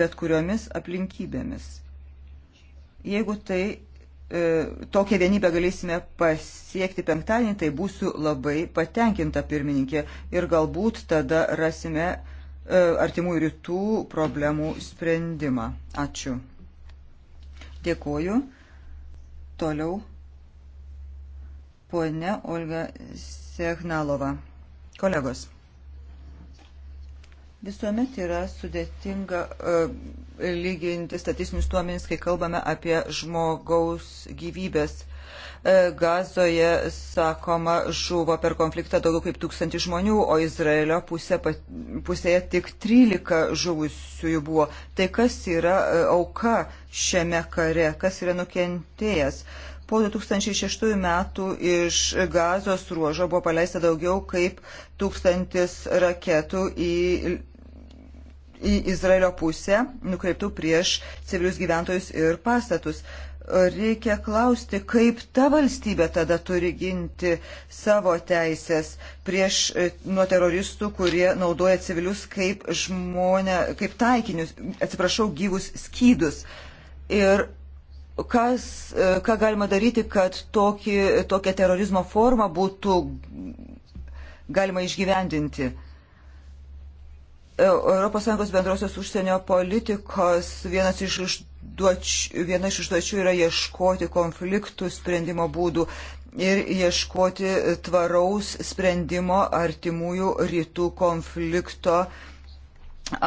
bet kuriomis aplinkybėmis. Jeigu tai, e, tokią vienybę galėsime pasiekti penktadienį, tai būsiu labai patenkinta pirmininkė ir galbūt tada rasime e, artimų rytų problemų sprendimą. Ačiū. Dėkuoju. Toliau ponia Olga Sechnalova. Kolegos, visuomet yra sudėtinga uh, lyginti statistinius duomenys, kai kalbame apie žmogaus gyvybės. E, Gazoje, sakoma, žuvo per konfliktą daugiau kaip tūkstantį žmonių, o Izraelio pusė, pusėje tik 13 žuvusiųjų buvo. Tai kas yra e, auka šiame kare, kas yra nukentėjęs? Po 2006 metų iš gazos ruožo buvo paleista daugiau kaip tūkstantis raketų į, į Izraelio pusę, nukreiptų prieš civilius gyventojus ir pastatus reikia klausti, kaip ta valstybė tada turi ginti savo teisės prieš nuo teroristų, kurie naudoja civilius kaip žmonę, kaip taikinius, atsiprašau, gyvus skydus. Ir Kas, e, ką galima daryti, kad tokį, tokią terorizmo formą būtų galima išgyvendinti? ES bendrosios užsienio politikos vienas iš užduoč, viena iš užduočių yra ieškoti konfliktų sprendimo būdų ir ieškoti tvaraus sprendimo artimųjų rytų konflikto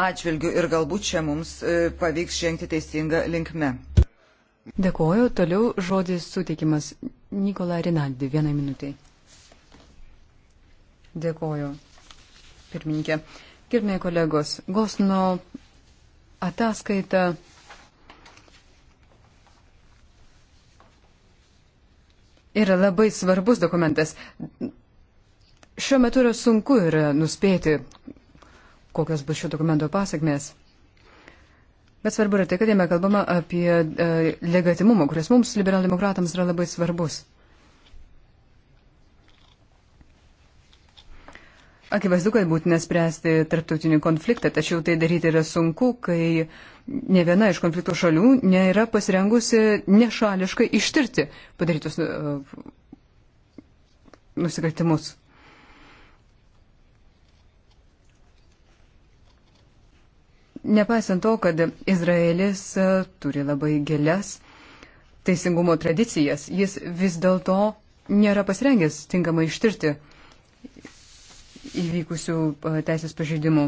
atžvilgių ir galbūt čia mums e, pavyks žengti teisingą linkmę. Dėkuoju. Toliau žodis suteikimas Nikola Rinaldi. Vienai minutiai. Dėkuoju, pirmininkė. Gerbėjai kolegos, Gosno ataskaita yra labai svarbus dokumentas. Šiuo metu yra sunku yra nuspėti, kokios bus šio dokumento pasakmės. Bet svarbu yra tai, kad jame kalbama apie e, legatimumą, kuris mums, liberaldemokratams, yra labai svarbus. Akivaizdu, kad būtina spręsti tarptautinį konfliktą, tačiau tai daryti yra sunku, kai ne viena iš konflikto šalių nėra pasirengusi nešališkai ištirti padarytus e, nusikaltimus. Nepaisant to, kad Izraelis e, turi labai gilias teisingumo tradicijas, jis vis dėlto nėra pasirengęs tinkamai ištirti įvykusių e, teisės pažeidimų.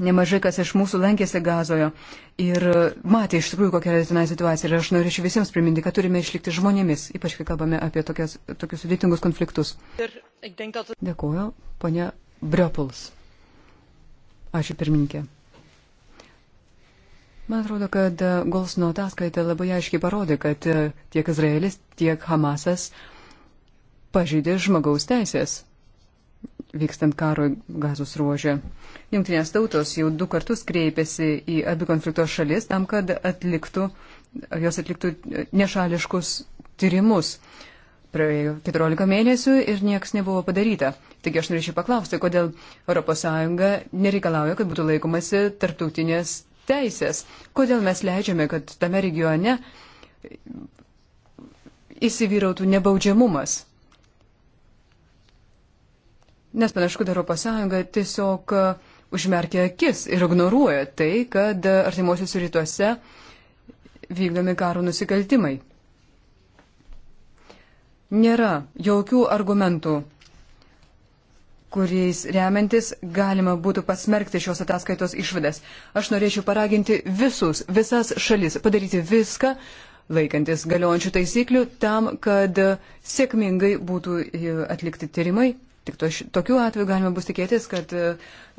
Nemažai kas iš mūsų lankėsi gazojo ir matė iš tikrųjų, kokia yra tenai situacija. Ir aš norėčiau visiems priminti, kad turime išlikti žmonėmis, ypač kai kalbame apie tokias, tokius sudėtingus konfliktus. Dėkuoju, ponia Briopuls. Ačiū pirmininkė. Man atrodo, kad e, Golsno ataskaita labai aiškiai parodė, kad e, tiek Izraelis, tiek Hamasas pažydė žmogaus teisės vykstant karui gazos ruožė. Jungtinės tautos jau du kartus kreipėsi į abi konflikto šalis tam, kad atliktų, jos atliktų e, nešališkus tyrimus. Uh, Praėjo 14 mėnesių ir nieks nebuvo padaryta. Taigi aš norėčiau paklausti, kodėl ES nereikalauja, kad būtų laikomasi tarptautinės teisės. Kodėl mes leidžiame, kad tame regione įsivyrautų nebaudžiamumas. Nes panašu, kad ES tiesiog uh, užmerkia akis ir ignoruoja tai, kad uh, artimuosiuose rytuose vykdomi karo nusikaltimai nėra jokių argumentų, kuriais remiantis galima būtų pasmerkti šios ataskaitos išvadas. Aš norėčiau paraginti visus, visas šalis padaryti viską, laikantis galiojančių taisyklių, tam, kad sėkmingai būtų e, atlikti tyrimai. Tik to, tokiu atveju galima bus tikėtis, kad e,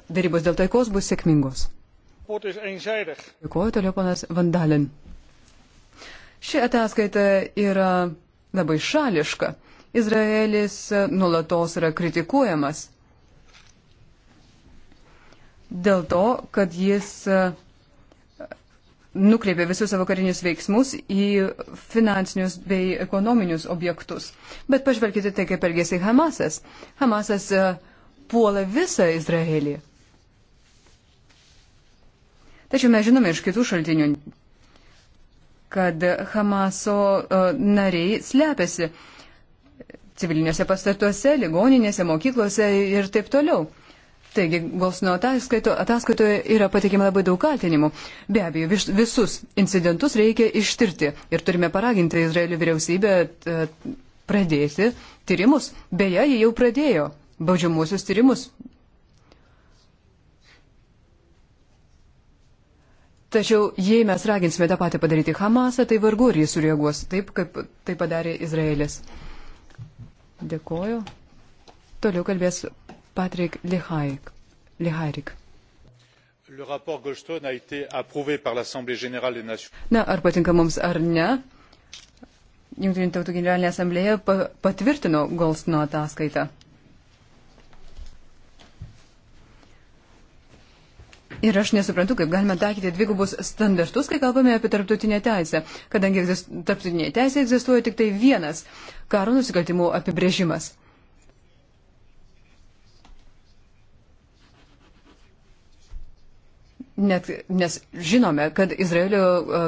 darybos dėl taikos bus sėkmingos. Dėkuoju toliau, ponas Vandalin. Ši ataskaita yra labai šališka. Izraelis e, nulatos yra kritikuojamas dėl to, kad jis e, nukreipė visus savo karinius veiksmus į finansinius bei ekonominius objektus. Bet pažvelkite tai, kaip elgėsi Hamasas. Hamasas e, puola visą Izraelį. Tačiau mes žinome iš kitų šaltinių, kad Hamaso e, nariai slepiasi civiliniuose pastatuose, ligoninėse, mokyklose ir taip toliau. Taigi, Golsno ataskaito, ataskaitoje yra patikima labai daug kaltinimų. Be abejo, vis, visus incidentus reikia ištirti ir turime paraginti Izraelio vyriausybę e, pradėti tyrimus. Beje, jie jau pradėjo baudžiamuosius tyrimus Tačiau jei mes raginsime tą patį padaryti Hamasą, tai vargu ar jis sureaguos taip, kaip tai padarė Izraelis. Dėkoju. Toliau kalbės Patrik Lihaik. Lihairik. Le rapport Goldstone a été approuvé par l'Assemblée générale des Nations. Na, ar patinka mums ar ne, Junktinių tautų generalinė asamblėja patvirtino Goldstone ataskaitą. Ir aš nesuprantu, kaip galime taikyti dvigubus standartus, kai kalbame apie tarptautinę teisę, kadangi tarptautinė teisė egzistuoja tik tai vienas karo nusikaltimų apibrėžimas. Net, nes žinome, kad Izraelio e,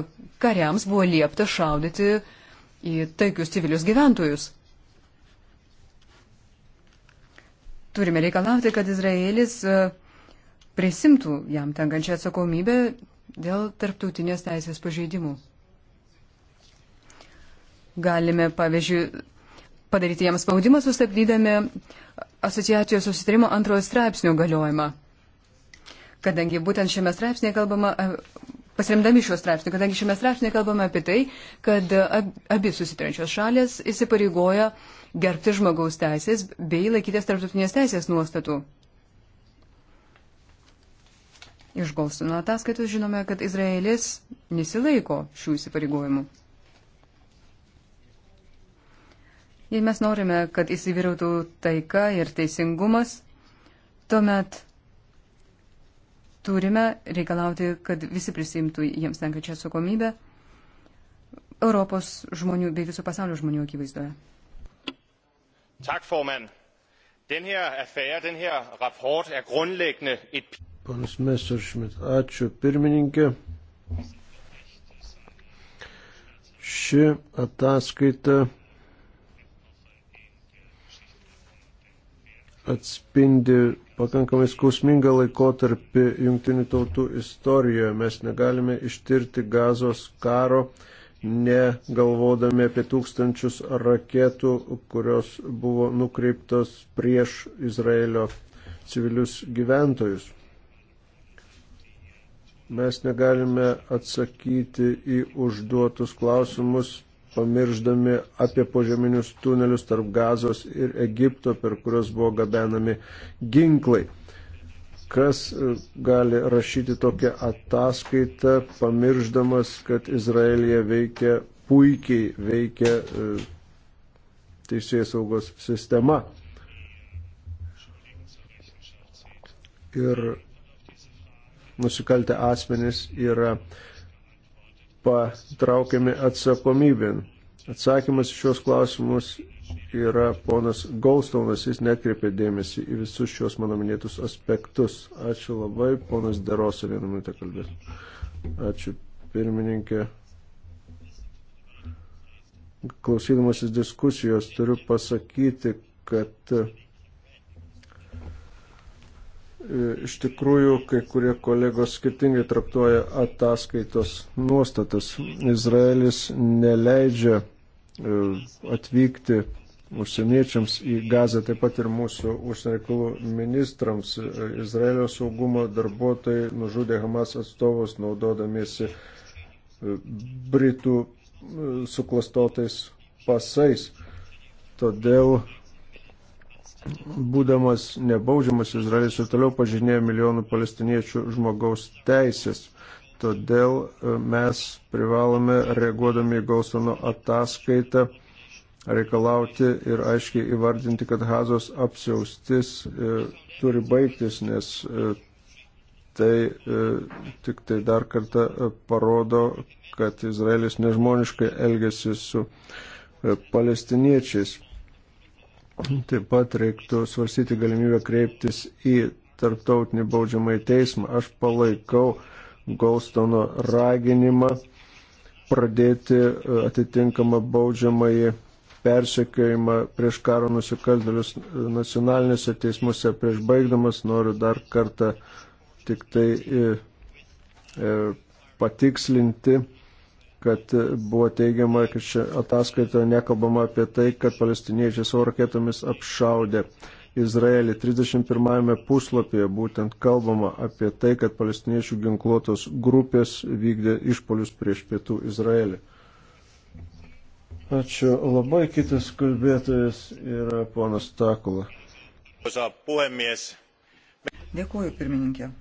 kariams buvo liepta šaudyti į taikius civilius gyventojus. Turime reikalauti, kad Izraelis uh, prisimtų jam tenkančią atsakomybę dėl tarptautinės teisės pažeidimų. Galime, pavyzdžiui, padaryti jam spaudimą sustabdydami asociacijos susitarimo antrojo straipsnio galiojimą. Kadangi būtent šiame straipsnėje kalbama, e, pasiremdami šiuo straipsniu, kadangi šiame straipsnėje kalbama apie tai, kad abi susitarančios šalės įsipareigoja gerbti žmogaus teisės bei laikytis tarptautinės teisės nuostatų. Iš Golstino ataskaitos žinome, kad Izraelis nesilaiko šių įsipareigojimų. Jei mes norime, kad įsivyrautų taika ir teisingumas, tuomet turime reikalauti, kad visi prisimtų jiems tenkačią atsakomybę Europos žmonių bei viso pasaulio žmonių akivaizdoje. Tak, formand. Den her affære, den her rapport er grundlæggende et... Panas Messerschmidt, ačiū pirmininkė. Ši ataskaita atspindi pakankamai skausmingą laikotarpį jungtinių tautų istorijoje. Mes negalime ištirti gazos karo, negalvodami apie tūkstančius raketų, kurios buvo nukreiptos prieš Izraelio civilius gyventojus. Mes negalime atsakyti į užduotus klausimus, pamirždami apie požeminius tunelius tarp Gazos ir Egipto, per kuriuos buvo gabenami ginklai. Kas e, gali rašyti tokią ataskaitą, pamirždamas, kad Izraelija veikia puikiai, veikia e, teisėjai saugos sistema. Ir nusikaltę asmenys yra patraukiami atsakomybėn. Atsakymas šios klausimus yra ponas Gaustaunas, jis netkreipė dėmesį į visus šios mano minėtus aspektus. Ačiū labai, ponas Derosa vieną minutę kalbės. Ačiū pirmininkė. Klausydamasis diskusijos turiu pasakyti, kad Iš tikrųjų, kai kurie kolegos skirtingai traktuoja ataskaitos nuostatas. Izraelis neleidžia e, atvykti užsieniečiams į Gazą, taip pat ir mūsų užsienio reikalų ministrams. Izraelio saugumo darbuotojai nužudė Hamas atstovus, naudodamiesi e, Britų e, suklastotais pasais. Todėl būdamas nebaudžiamas Izraelis ir toliau pažinėjo milijonų palestiniečių žmogaus teisės. Todėl e, mes privalome, reaguodami į Gausano ataskaitą, reikalauti ir aiškiai įvardinti, kad Hazos apsiaustis e, turi baigtis, nes e, tai e, tik tai dar kartą e, parodo, kad Izraelis nežmoniškai elgesi su e, palestiniečiais. Taip pat reiktų svarstyti galimybę kreiptis į tarptautinį baudžiamą į teismą. Aš palaikau Goldstono raginimą pradėti e, atitinkamą baudžiamąjį persekiojimą prieš karo nusikaltėlius e, nacionalinėse teismuose. Prieš baigdamas noriu dar kartą tik tai e, patikslinti kad buvo teigiama, kad čia ataskaitoje nekalbama apie tai, kad palestiniečiai savo raketomis apšaudė Izraelį. 31 puslapyje būtent kalbama apie tai, kad palestiniečių ginkluotos grupės vykdė išpolius prieš pietų Izraelį. Ačiū labai. Kitas kalbėtojas yra ponas Takula. Dėkuoju, pirmininkė.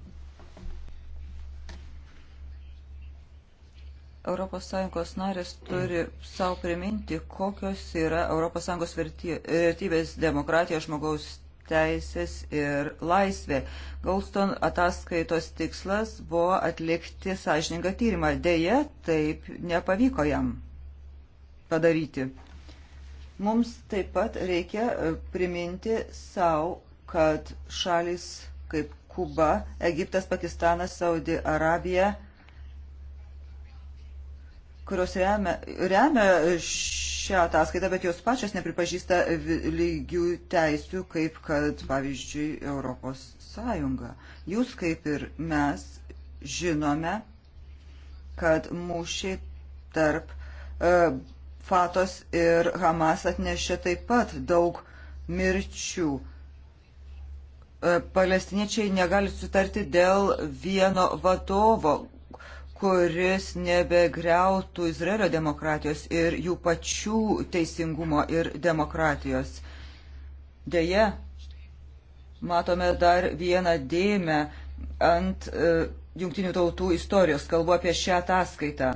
ES narės turi savo priminti, kokios yra ES vertybės demokratija, žmogaus teisės ir laisvė. Goldstone ataskaitos tikslas buvo atlikti sąžiningą tyrimą. Deja, taip nepavyko jam padaryti. Mums taip pat reikia e, priminti savo, kad šalis kaip Kuba, Egiptas, Pakistanas, Saudi Arabija, kurios remia, remia šią ataskaitą, bet jos pačios nepripažįsta lygių teisių, kaip kad, pavyzdžiui, Europos Sąjunga. Jūs kaip ir mes žinome, kad mūšiai tarp e, Fatos ir Hamas atnešė taip pat daug mirčių. E, palestiniečiai negali sutarti dėl vieno vadovo kuris nebegriautų Izraelio demokratijos ir jų pačių teisingumo ir demokratijos. Deja, matome dar vieną dėmę ant e, jungtinių tautų istorijos. Kalbu apie šią ataskaitą.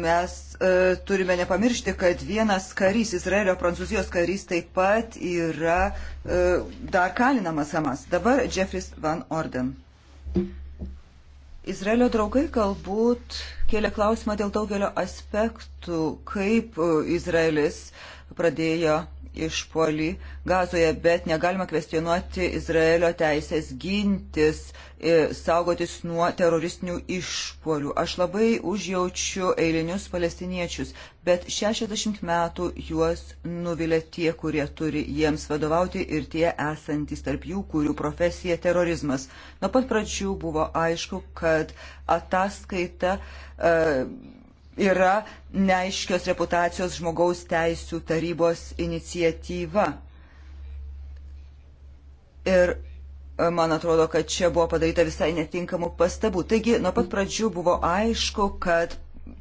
mes e, turime nepamiršti, kad vienas karys, Izraelio prancūzijos karys, taip pat yra e, dar kalinamas Hamas. Dabar Jeffris Van Orden. Izraelio draugai galbūt kėlė klausimą dėl daugelio aspektų, kaip e, Izraelis pradėjo išpolį Gazoje, bet negalima kvestionuoti Izraelio teisės gintis, e, saugotis nuo teroristinių išpolių. Aš labai užjaučiu eilinius palestiniečius, bet 60 metų juos nuvilia tie, kurie turi jiems vadovauti ir tie esantys tarp jų, kurių profesija terorizmas. Nuo pat pradžių buvo aišku, kad ataskaita. Uh, yra neaiškios reputacijos žmogaus teisų tarybos iniciatyva. Ir e, man atrodo, kad čia buvo padaryta visai netinkamų pastabų. Taigi, nuo pat pradžių buvo aišku, kad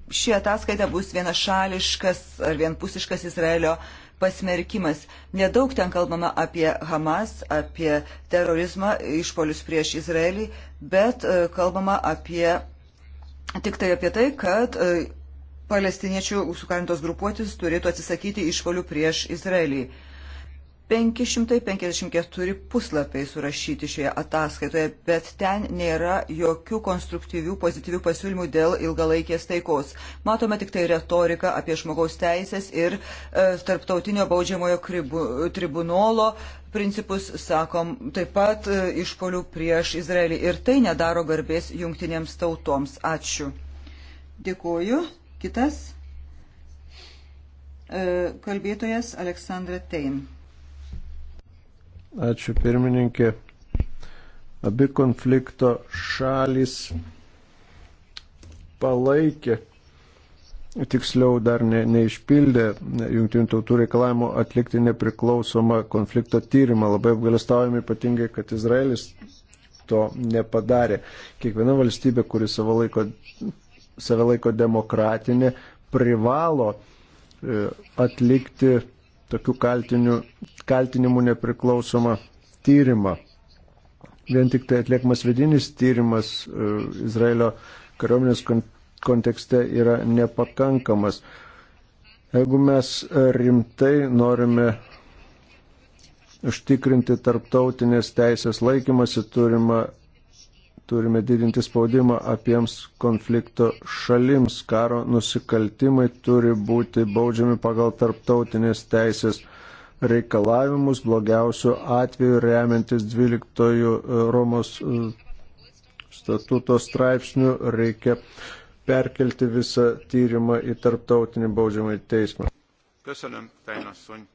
ši ataskaita bus vienašališkas ar vienpusiškas Izraelio pasmerkimas. Nedaug ten kalbama apie Hamas, apie terorizmą, išpolius prieš Izraelį, bet e, kalbama apie tik tai apie tai, kad e, palestiniečių sukarintos grupuotis turėtų atsisakyti išpolių prieš Izraelį. 554 puslapiai surašyti šioje ataskaitoje, bet ten nėra jokių konstruktyvių, pozityvių pasiūlymų dėl ilgalaikės taikos. Matome tik tai retoriką apie žmogaus teisės ir e, tarptautinio baudžiamojo kribu, tribunolo principus, sakom, taip pat e, išpolių prieš Izraelį. Ir tai nedaro garbės jungtinėms tautoms. Ačiū. Dėkuoju. Kitas e, kalbėtojas Aleksandra Tein. Ačiū pirmininkė. Abi konflikto šalis palaikė, tiksliau dar ne, neišpildė jungtinių tautų reikalavimo atlikti nepriklausomą konflikto tyrimą. Labai apgalestaujame ypatingai, kad Izraelis to nepadarė. Kiekviena valstybė, kuri savo laiko save laiko demokratinė, privalo e, atlikti tokių kaltinių, kaltinimų nepriklausomą tyrimą. Vien tik tai atliekamas vidinis tyrimas e, Izraelio kariuomenės kontekste yra nepakankamas. Jeigu mes rimtai norime užtikrinti tarptautinės teisės laikymasi, turime turime didinti spaudimą apiems konflikto šalims. Karo nusikaltimai turi būti baudžiami pagal tarptautinės teisės reikalavimus, blogiausių atveju remiantis 12 e, Romos e, statuto straipsnių reikia perkelti visą tyrimą į tarptautinį baudžiamą į teismą. Köszönöm, Fejnasszony.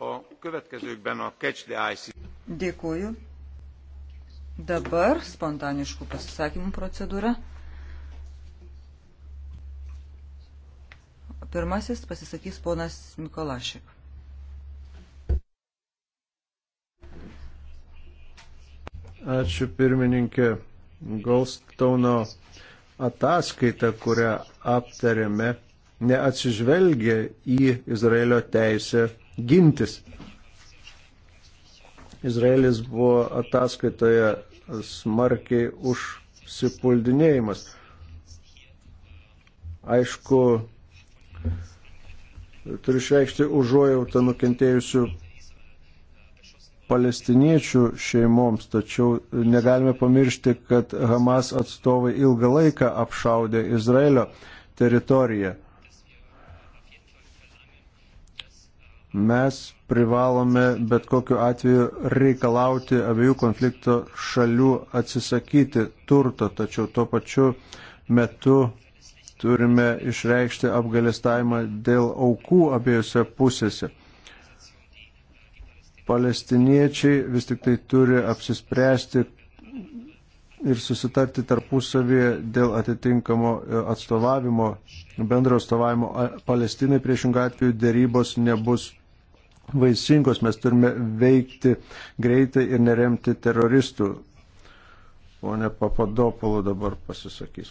A következőkben a Catch the Ice. Dėkuoju. Dabar spontaniškų pasisakymų procedūra. Pirmasis pasisakys ponas Mikolašik. Ačiū pirmininkė Goldstone ataskaita, kurią aptarėme, neatsižvelgia į Izraelio teisę gintis. Izraelis buvo ataskaitoje smarkiai užsipuldinėjimas. Aišku, turiu išreikšti užuojautą nukentėjusių palestiniečių šeimoms, tačiau negalime pamiršti, kad Hamas atstovai ilgą laiką apšaudė Izraelio teritoriją. Mes privalome bet kokiu atveju reikalauti abiejų konflikto šalių atsisakyti turto, tačiau tuo pačiu metu turime išreikšti apgalėstavimą dėl aukų abiejose pusėse palestiniečiai vis tik tai turi apsispręsti ir susitarti tarpusavėje dėl atitinkamo e, atstovavimo, bendro atstovavimo Palestinai priešingą atveju dėrybos nebus vaisingos, mes turime veikti greitai ir neremti teroristų. Pone Papadopolo dabar pasisakys.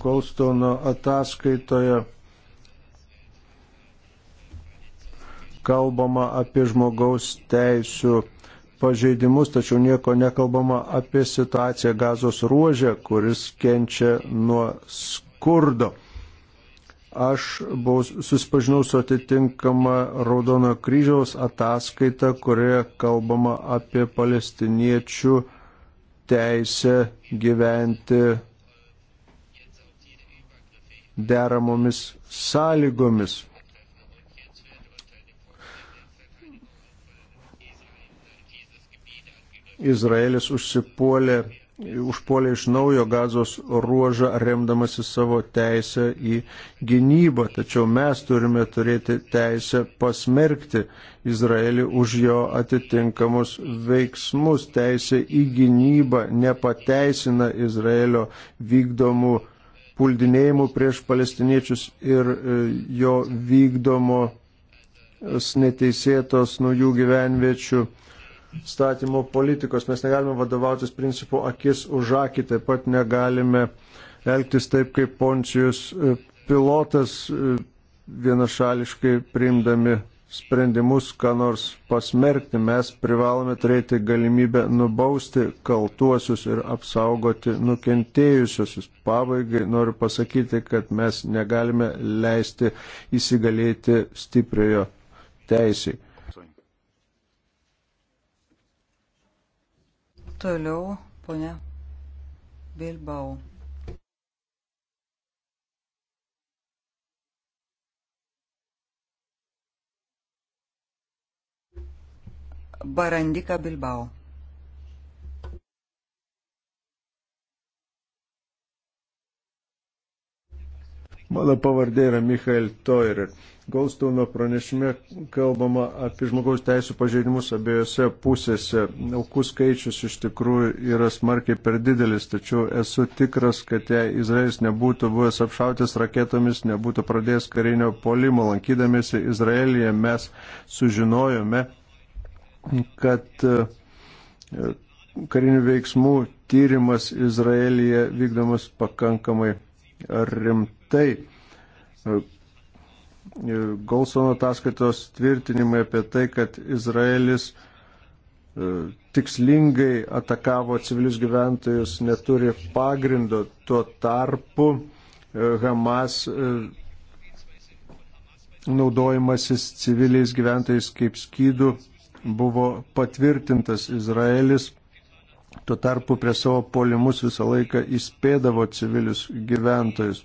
Goldstone ataskaitoje kalbama apie žmogaus teisų pažeidimus, tačiau nieko nekalbama apie situaciją gazos ruožę, kuris kenčia nuo skurdo. Aš buvau susipažinau su atitinkama Raudono kryžiaus ataskaita, kurioje kalbama apie palestiniečių teisę gyventi deramomis sąlygomis. Izraelis užsipuolė, užpuolė iš naujo gazos ruožą remdamasi savo teisę į gynybą. Tačiau mes turime turėti teisę pasmerkti Izraelį už jo atitinkamus veiksmus. Teisė į gynybą nepateisina Izraelio vykdomų puldinėjimų prieš palestiniečius ir e, jo vykdomos neteisėtos naujų gyvenviečių statymo politikos. Mes negalime vadovautis principu akis už akį, taip pat negalime elgtis taip, kaip Poncijus e, pilotas e, vienašališkai priimdami sprendimus, ką nors pasmerkti. Mes privalome turėti galimybę nubausti kaltuosius ir apsaugoti nukentėjusius. Pabaigai noriu pasakyti, kad mes negalime leisti įsigalėti stipriojo teisiai. Toliau, ponia Bilbao. Barandika Bilbao. Mano pavardė yra Michael Toirer. Goldstone pranešime kalbama apie žmogaus teisų pažeidimus abiejose pusėse. Aukų skaičius iš tikrųjų yra smarkiai per didelis, tačiau esu tikras, kad jei Izraelis nebūtų buvęs apšautęs raketomis, nebūtų pradėjęs karinio polimo. Lankydamėsi Izraelyje mes sužinojome, kad e, karinių veiksmų tyrimas Izraelyje vykdomas pakankamai rimtai. E, Golsono ataskaitos tvirtinimai apie tai, kad Izraelis e, tikslingai atakavo civilius gyventojus, neturi pagrindo. Tuo tarpu e, Hamas naudojimasis civiliais gyventojais kaip skydų buvo patvirtintas Izraelis. Tuo tarpu prie savo polimus visą laiką įspėdavo civilius gyventojus.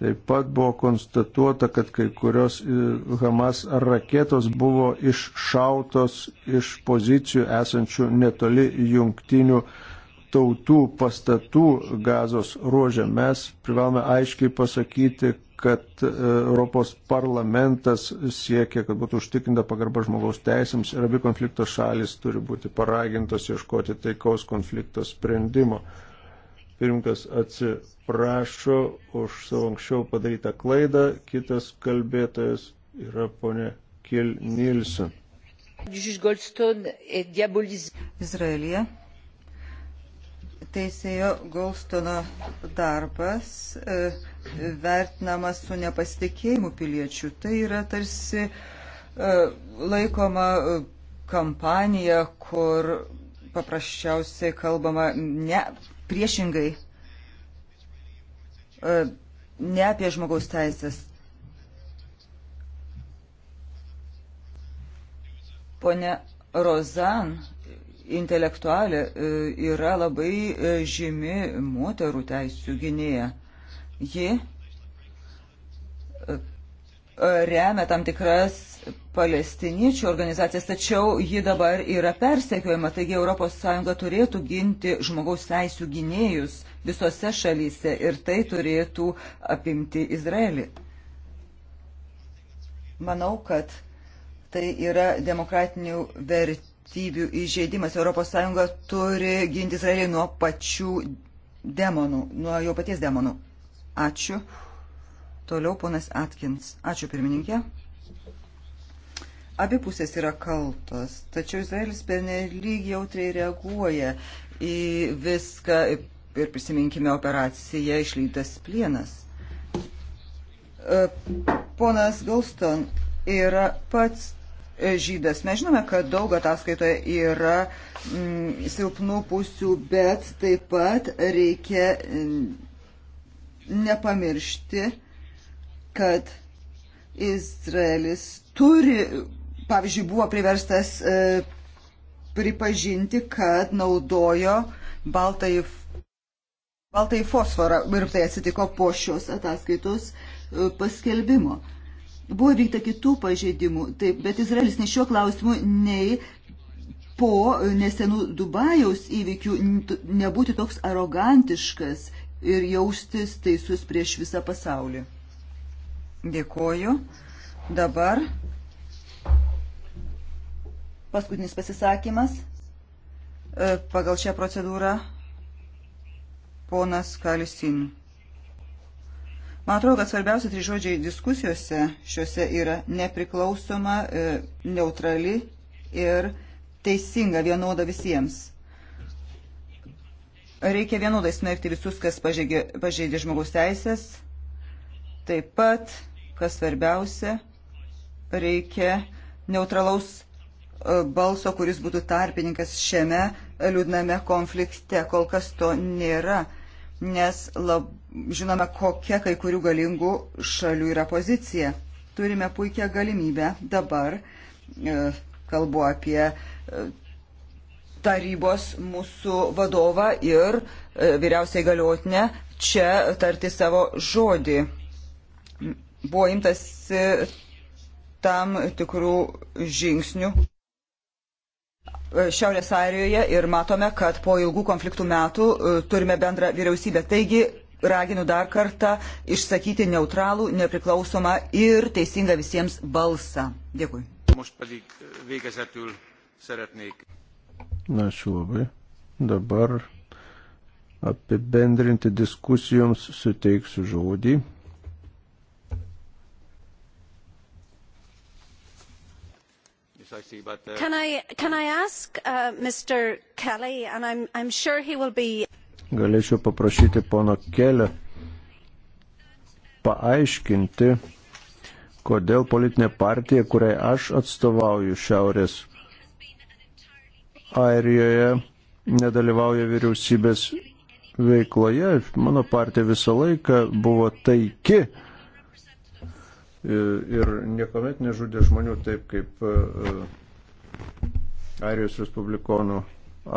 Taip pat buvo konstatuota, kad kai kurios e, Hamas raketos buvo iššautos iš pozicijų esančių netoli jungtinių tautų pastatų gazos ruožė. Mes privalome aiškiai pasakyti, kad e, Europos parlamentas siekia, kad būtų užtikrinta pagarba žmogaus teisėms ir abi konflikto šalis turi būti paragintos ieškoti taikaus konflikto sprendimo. Pirmkas atsiprašo už savo anksčiau padarytą klaidą, kitas kalbėtojas yra ponė Kil Nilsen. E Izraelyje teisėjo Goldstono darbas e, vertinamas su nepasitikėjimu piliečių. Tai yra tarsi e, laikoma kampanija, kur paprasčiausiai kalbama ne priešingai e, ne apie žmogaus teisės. Pone Rozan, intelektualė, e, yra labai e, žymi moterų teisų gynėja. Ji remia tam tikras palestiniečių organizacijas, tačiau ji dabar yra persekiojama, taigi ES turėtų ginti žmogaus teisų gynėjus visose šalyse ir tai turėtų apimti Izraelį. Manau, kad tai yra demokratinių vertybių įžeidimas. ES turi ginti Izraelį nuo pačių demonų, nuo jo paties demonų. Ačiū. Toliau ponas Atkins. Ačiū pirmininkė. Abi pusės yra kaltos, tačiau Izraelis pernelyg jautriai reaguoja į viską ir prisiminkime operaciją išlydas plienas. E, ponas Galston yra pats e, žydas. Mes žinome, kad daug ataskaitoje yra mm, silpnų pusių, bet taip pat reikia mm, nepamiršti, kad Izraelis turi pavyzdžiui, buvo priverstas e, pripažinti, kad naudojo baltąjį, baltąjį fosforą ir tai atsitiko po šios ataskaitos e, paskelbimo. Buvo vykta kitų pažeidimų, taip, bet Izraelis nei šiuo klausimu, nei po nesenų Dubajaus įvykių nebūti toks arogantiškas ir jaustis teisus prieš visą pasaulį. Dėkoju. Dabar Paskutinis pasisakymas e, pagal šią procedūrą ponas Kalisin. Man atrodo, kad svarbiausia trys žodžiai diskusijose šiuose yra nepriklausoma, e, neutrali ir teisinga vienoda visiems. Reikia vienodai smerkti visus, kas pažeidė žmogaus teisės. Taip pat, kas svarbiausia, reikia neutralaus balso, kuris būtų tarpininkas šiame liūdname konflikte. Kol kas to nėra, nes lab, žinome, kokia kai kurių galingų šalių yra pozicija. Turime puikią galimybę dabar, e, kalbu apie e, tarybos mūsų vadovą ir e, vyriausiai galiotinę čia tarti savo žodį. Buvo imtasi tam tikrų žingsnių. E, Šiaurės Airijoje ir matome, kad po ilgų konfliktų metų e, turime bendrą vyriausybę. Taigi raginu dar kartą išsakyti neutralų, nepriklausomą ir teisingą visiems balsą. Dėkui. Na, ačiū labai. Dabar apibendrinti diskusijoms suteiksiu žodį. minutes, I see, but... Uh... Can, I, can I ask uh, Mr. Kelly, and I'm, I'm sure he will be... Galėčiau paprašyti pono Kelio paaiškinti, kodėl politinė partija, kuriai aš atstovauju Šiaurės Airijoje, nedalyvauja vyriausybės veikloje. Mano partija visą laiką buvo taiki ir niekuomet nežudė žmonių taip kaip e, Airijos Respublikonų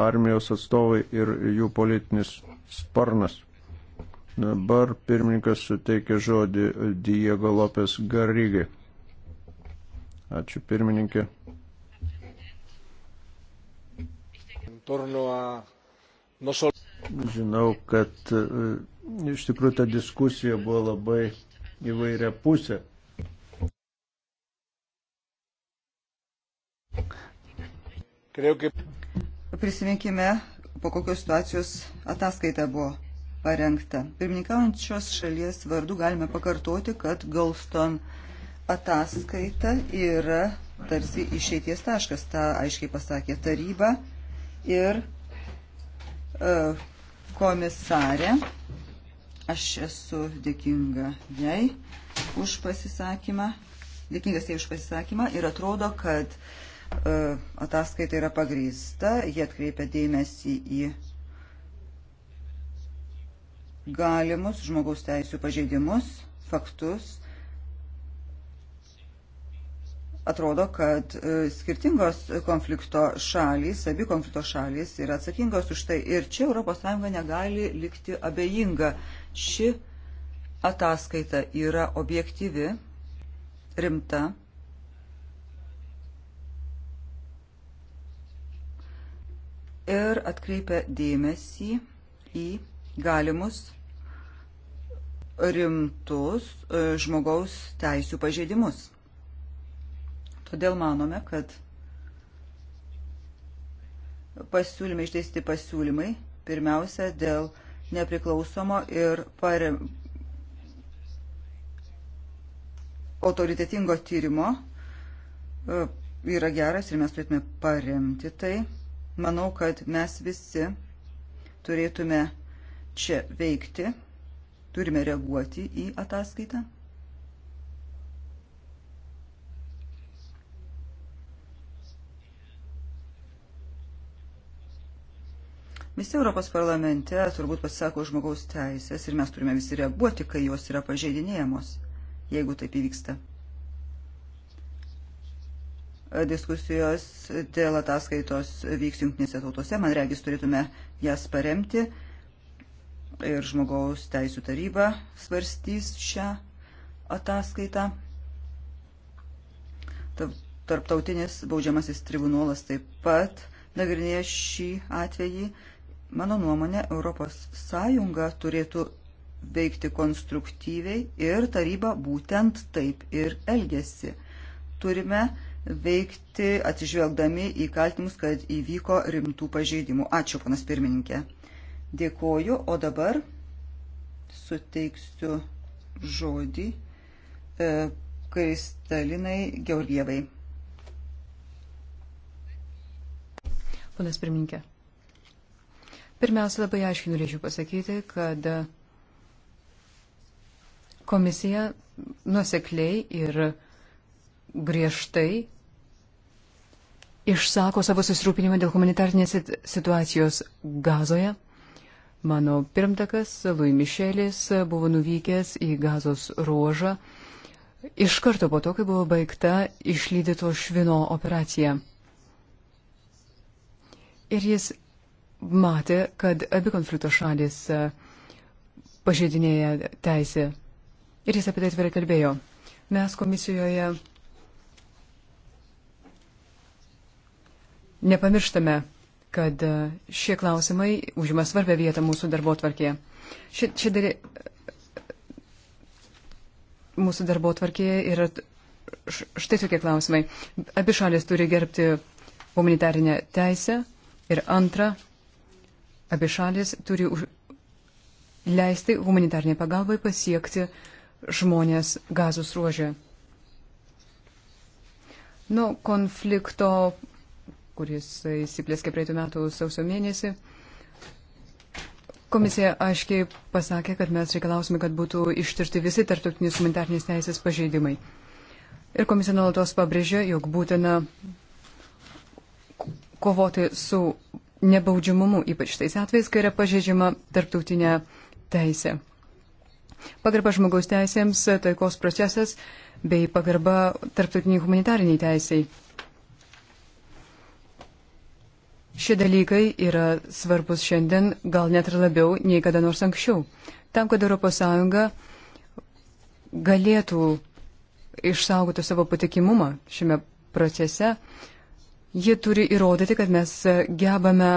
armijos atstovai ir jų politinis sparnas. Dabar pirmininkas suteikia žodį Diego Lopes Garygai. Ačiū pirmininkė. Žinau, kad e, iš tikrųjų ta diskusija buvo labai įvairia pusė. Prisiminkime, po kokios situacijos ataskaita buvo parengta. Pirmininkaujančios šalies vardu galime pakartoti, kad Galston ataskaita yra tarsi išeities taškas, tą aiškiai pasakė taryba ir e, komisarė. Aš esu dėkinga jai už pasisakymą, dėkingas jai už pasisakymą ir atrodo, kad e, E, ataskaita yra pagrįsta, jie atkreipia dėmesį į galimus žmogaus teisų pažeidimus, faktus. Atrodo, kad e, skirtingos konflikto šalys, abi konflikto šalys yra atsakingos už tai. Ir čia ES negali likti abejinga. Ši ataskaita yra objektyvi, rimta ir atkreipia dėmesį į galimus rimtus e, žmogaus teisų pažeidimus. Todėl manome, kad pasiūlymai išdėsti pasiūlymai pirmiausia dėl nepriklausomo ir parem... autoritetingo tyrimo e, yra geras ir mes turėtume paremti tai. Manau, kad mes visi turėtume čia veikti, turime reaguoti į ataskaitą. Visi Europos parlamente turbūt pasisako žmogaus teisės ir mes turime visi reaguoti, kai jos yra pažeidinėjamos, jeigu taip įvyksta diskusijos dėl ataskaitos vyks jungtinėse tautose. Man regis turėtume jas paremti ir žmogaus teisų taryba svarstys šią ataskaitą. Tarptautinis baudžiamasis tribunolas taip pat nagrinėja šį atvejį. Mano nuomonė, ES turėtų veikti konstruktyviai ir taryba būtent taip ir elgesi. Turime uh, veikti atsižvelgdami į kaltimus, kad įvyko rimtų pažeidimų. Ačiū, panas pirmininkė. Dėkoju, o dabar suteiksiu žodį e, Kristalinai Georgievai. Panas pirmininkė. Pirmiausia, labai aiškiai norėčiau pasakyti, kad komisija nusekliai ir griežtai išsako savo susirūpinimą dėl humanitarnės situacijos Gazoje. Mano pirmtakas Lui Mišelis buvo nuvykęs į Gazos ruožą iš karto po to, kai buvo baigta išlydyto švino operacija. Ir jis matė, kad abi konflikto šalis e, pažeidinėja teisę. Ir jis apie tai atvirai kalbėjo. Mes komisijoje nepamirštame, kad e, šie klausimai užima svarbę vietą mūsų darbo tvarkėje. Ši, ši dar, mūsų darbo tvarkėje yra štai tokie klausimai. Abi šalės turi gerbti humanitarinę teisę ir antra, abi šalės turi už, leisti humanitarniai pagalbai pasiekti žmonės gazos ruožė. Nuo konflikto kuris įsiplėskė praeitų metų sausio mėnesį. Komisija aiškiai pasakė, kad mes reikalausime, kad būtų ištirti visi tarptautinės humanitarnės teisės pažeidimai. Ir komisija nuolatos pabrėžė, jog būtina kovoti su nebaudžiamumu, ypač tais atvejais, kai yra pažeidžiama tarptautinė teisė. Pagarba žmogaus teisėms, taikos procesas bei pagarba tarptautiniai humanitariniai teisiai Šie dalykai yra svarbus šiandien, gal net ir labiau nei kada nors anksčiau. Tam, kad ES galėtų išsaugoti savo patikimumą šiame procese, ji turi įrodyti, kad mes gebame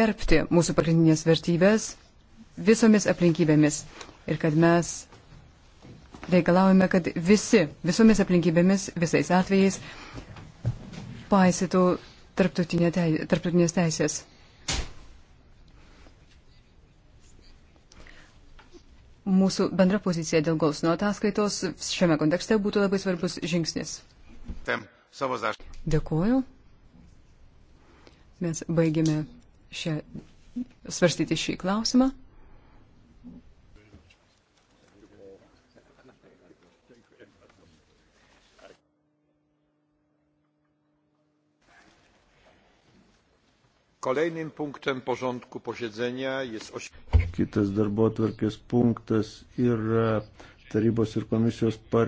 gerbti mūsų pagrindinės vertybės visomis aplinkybėmis ir kad mes reikalavome, kad visi visomis aplinkybėmis, visais atvejais paisytų tarptautinė teisė, tarptautinės teisės. Mūsų bendra pozicija dėl Golsno ataskaitos šiame kontekste būtų labai svarbus žingsnis. Dėkuoju. Mes baigėme šią, svarstyti šį klausimą. Kolejnym punktem porządku posiedzenia jest... Kitas darbo tvarkės punktas yra tarybos ir komisijos pareiškimas.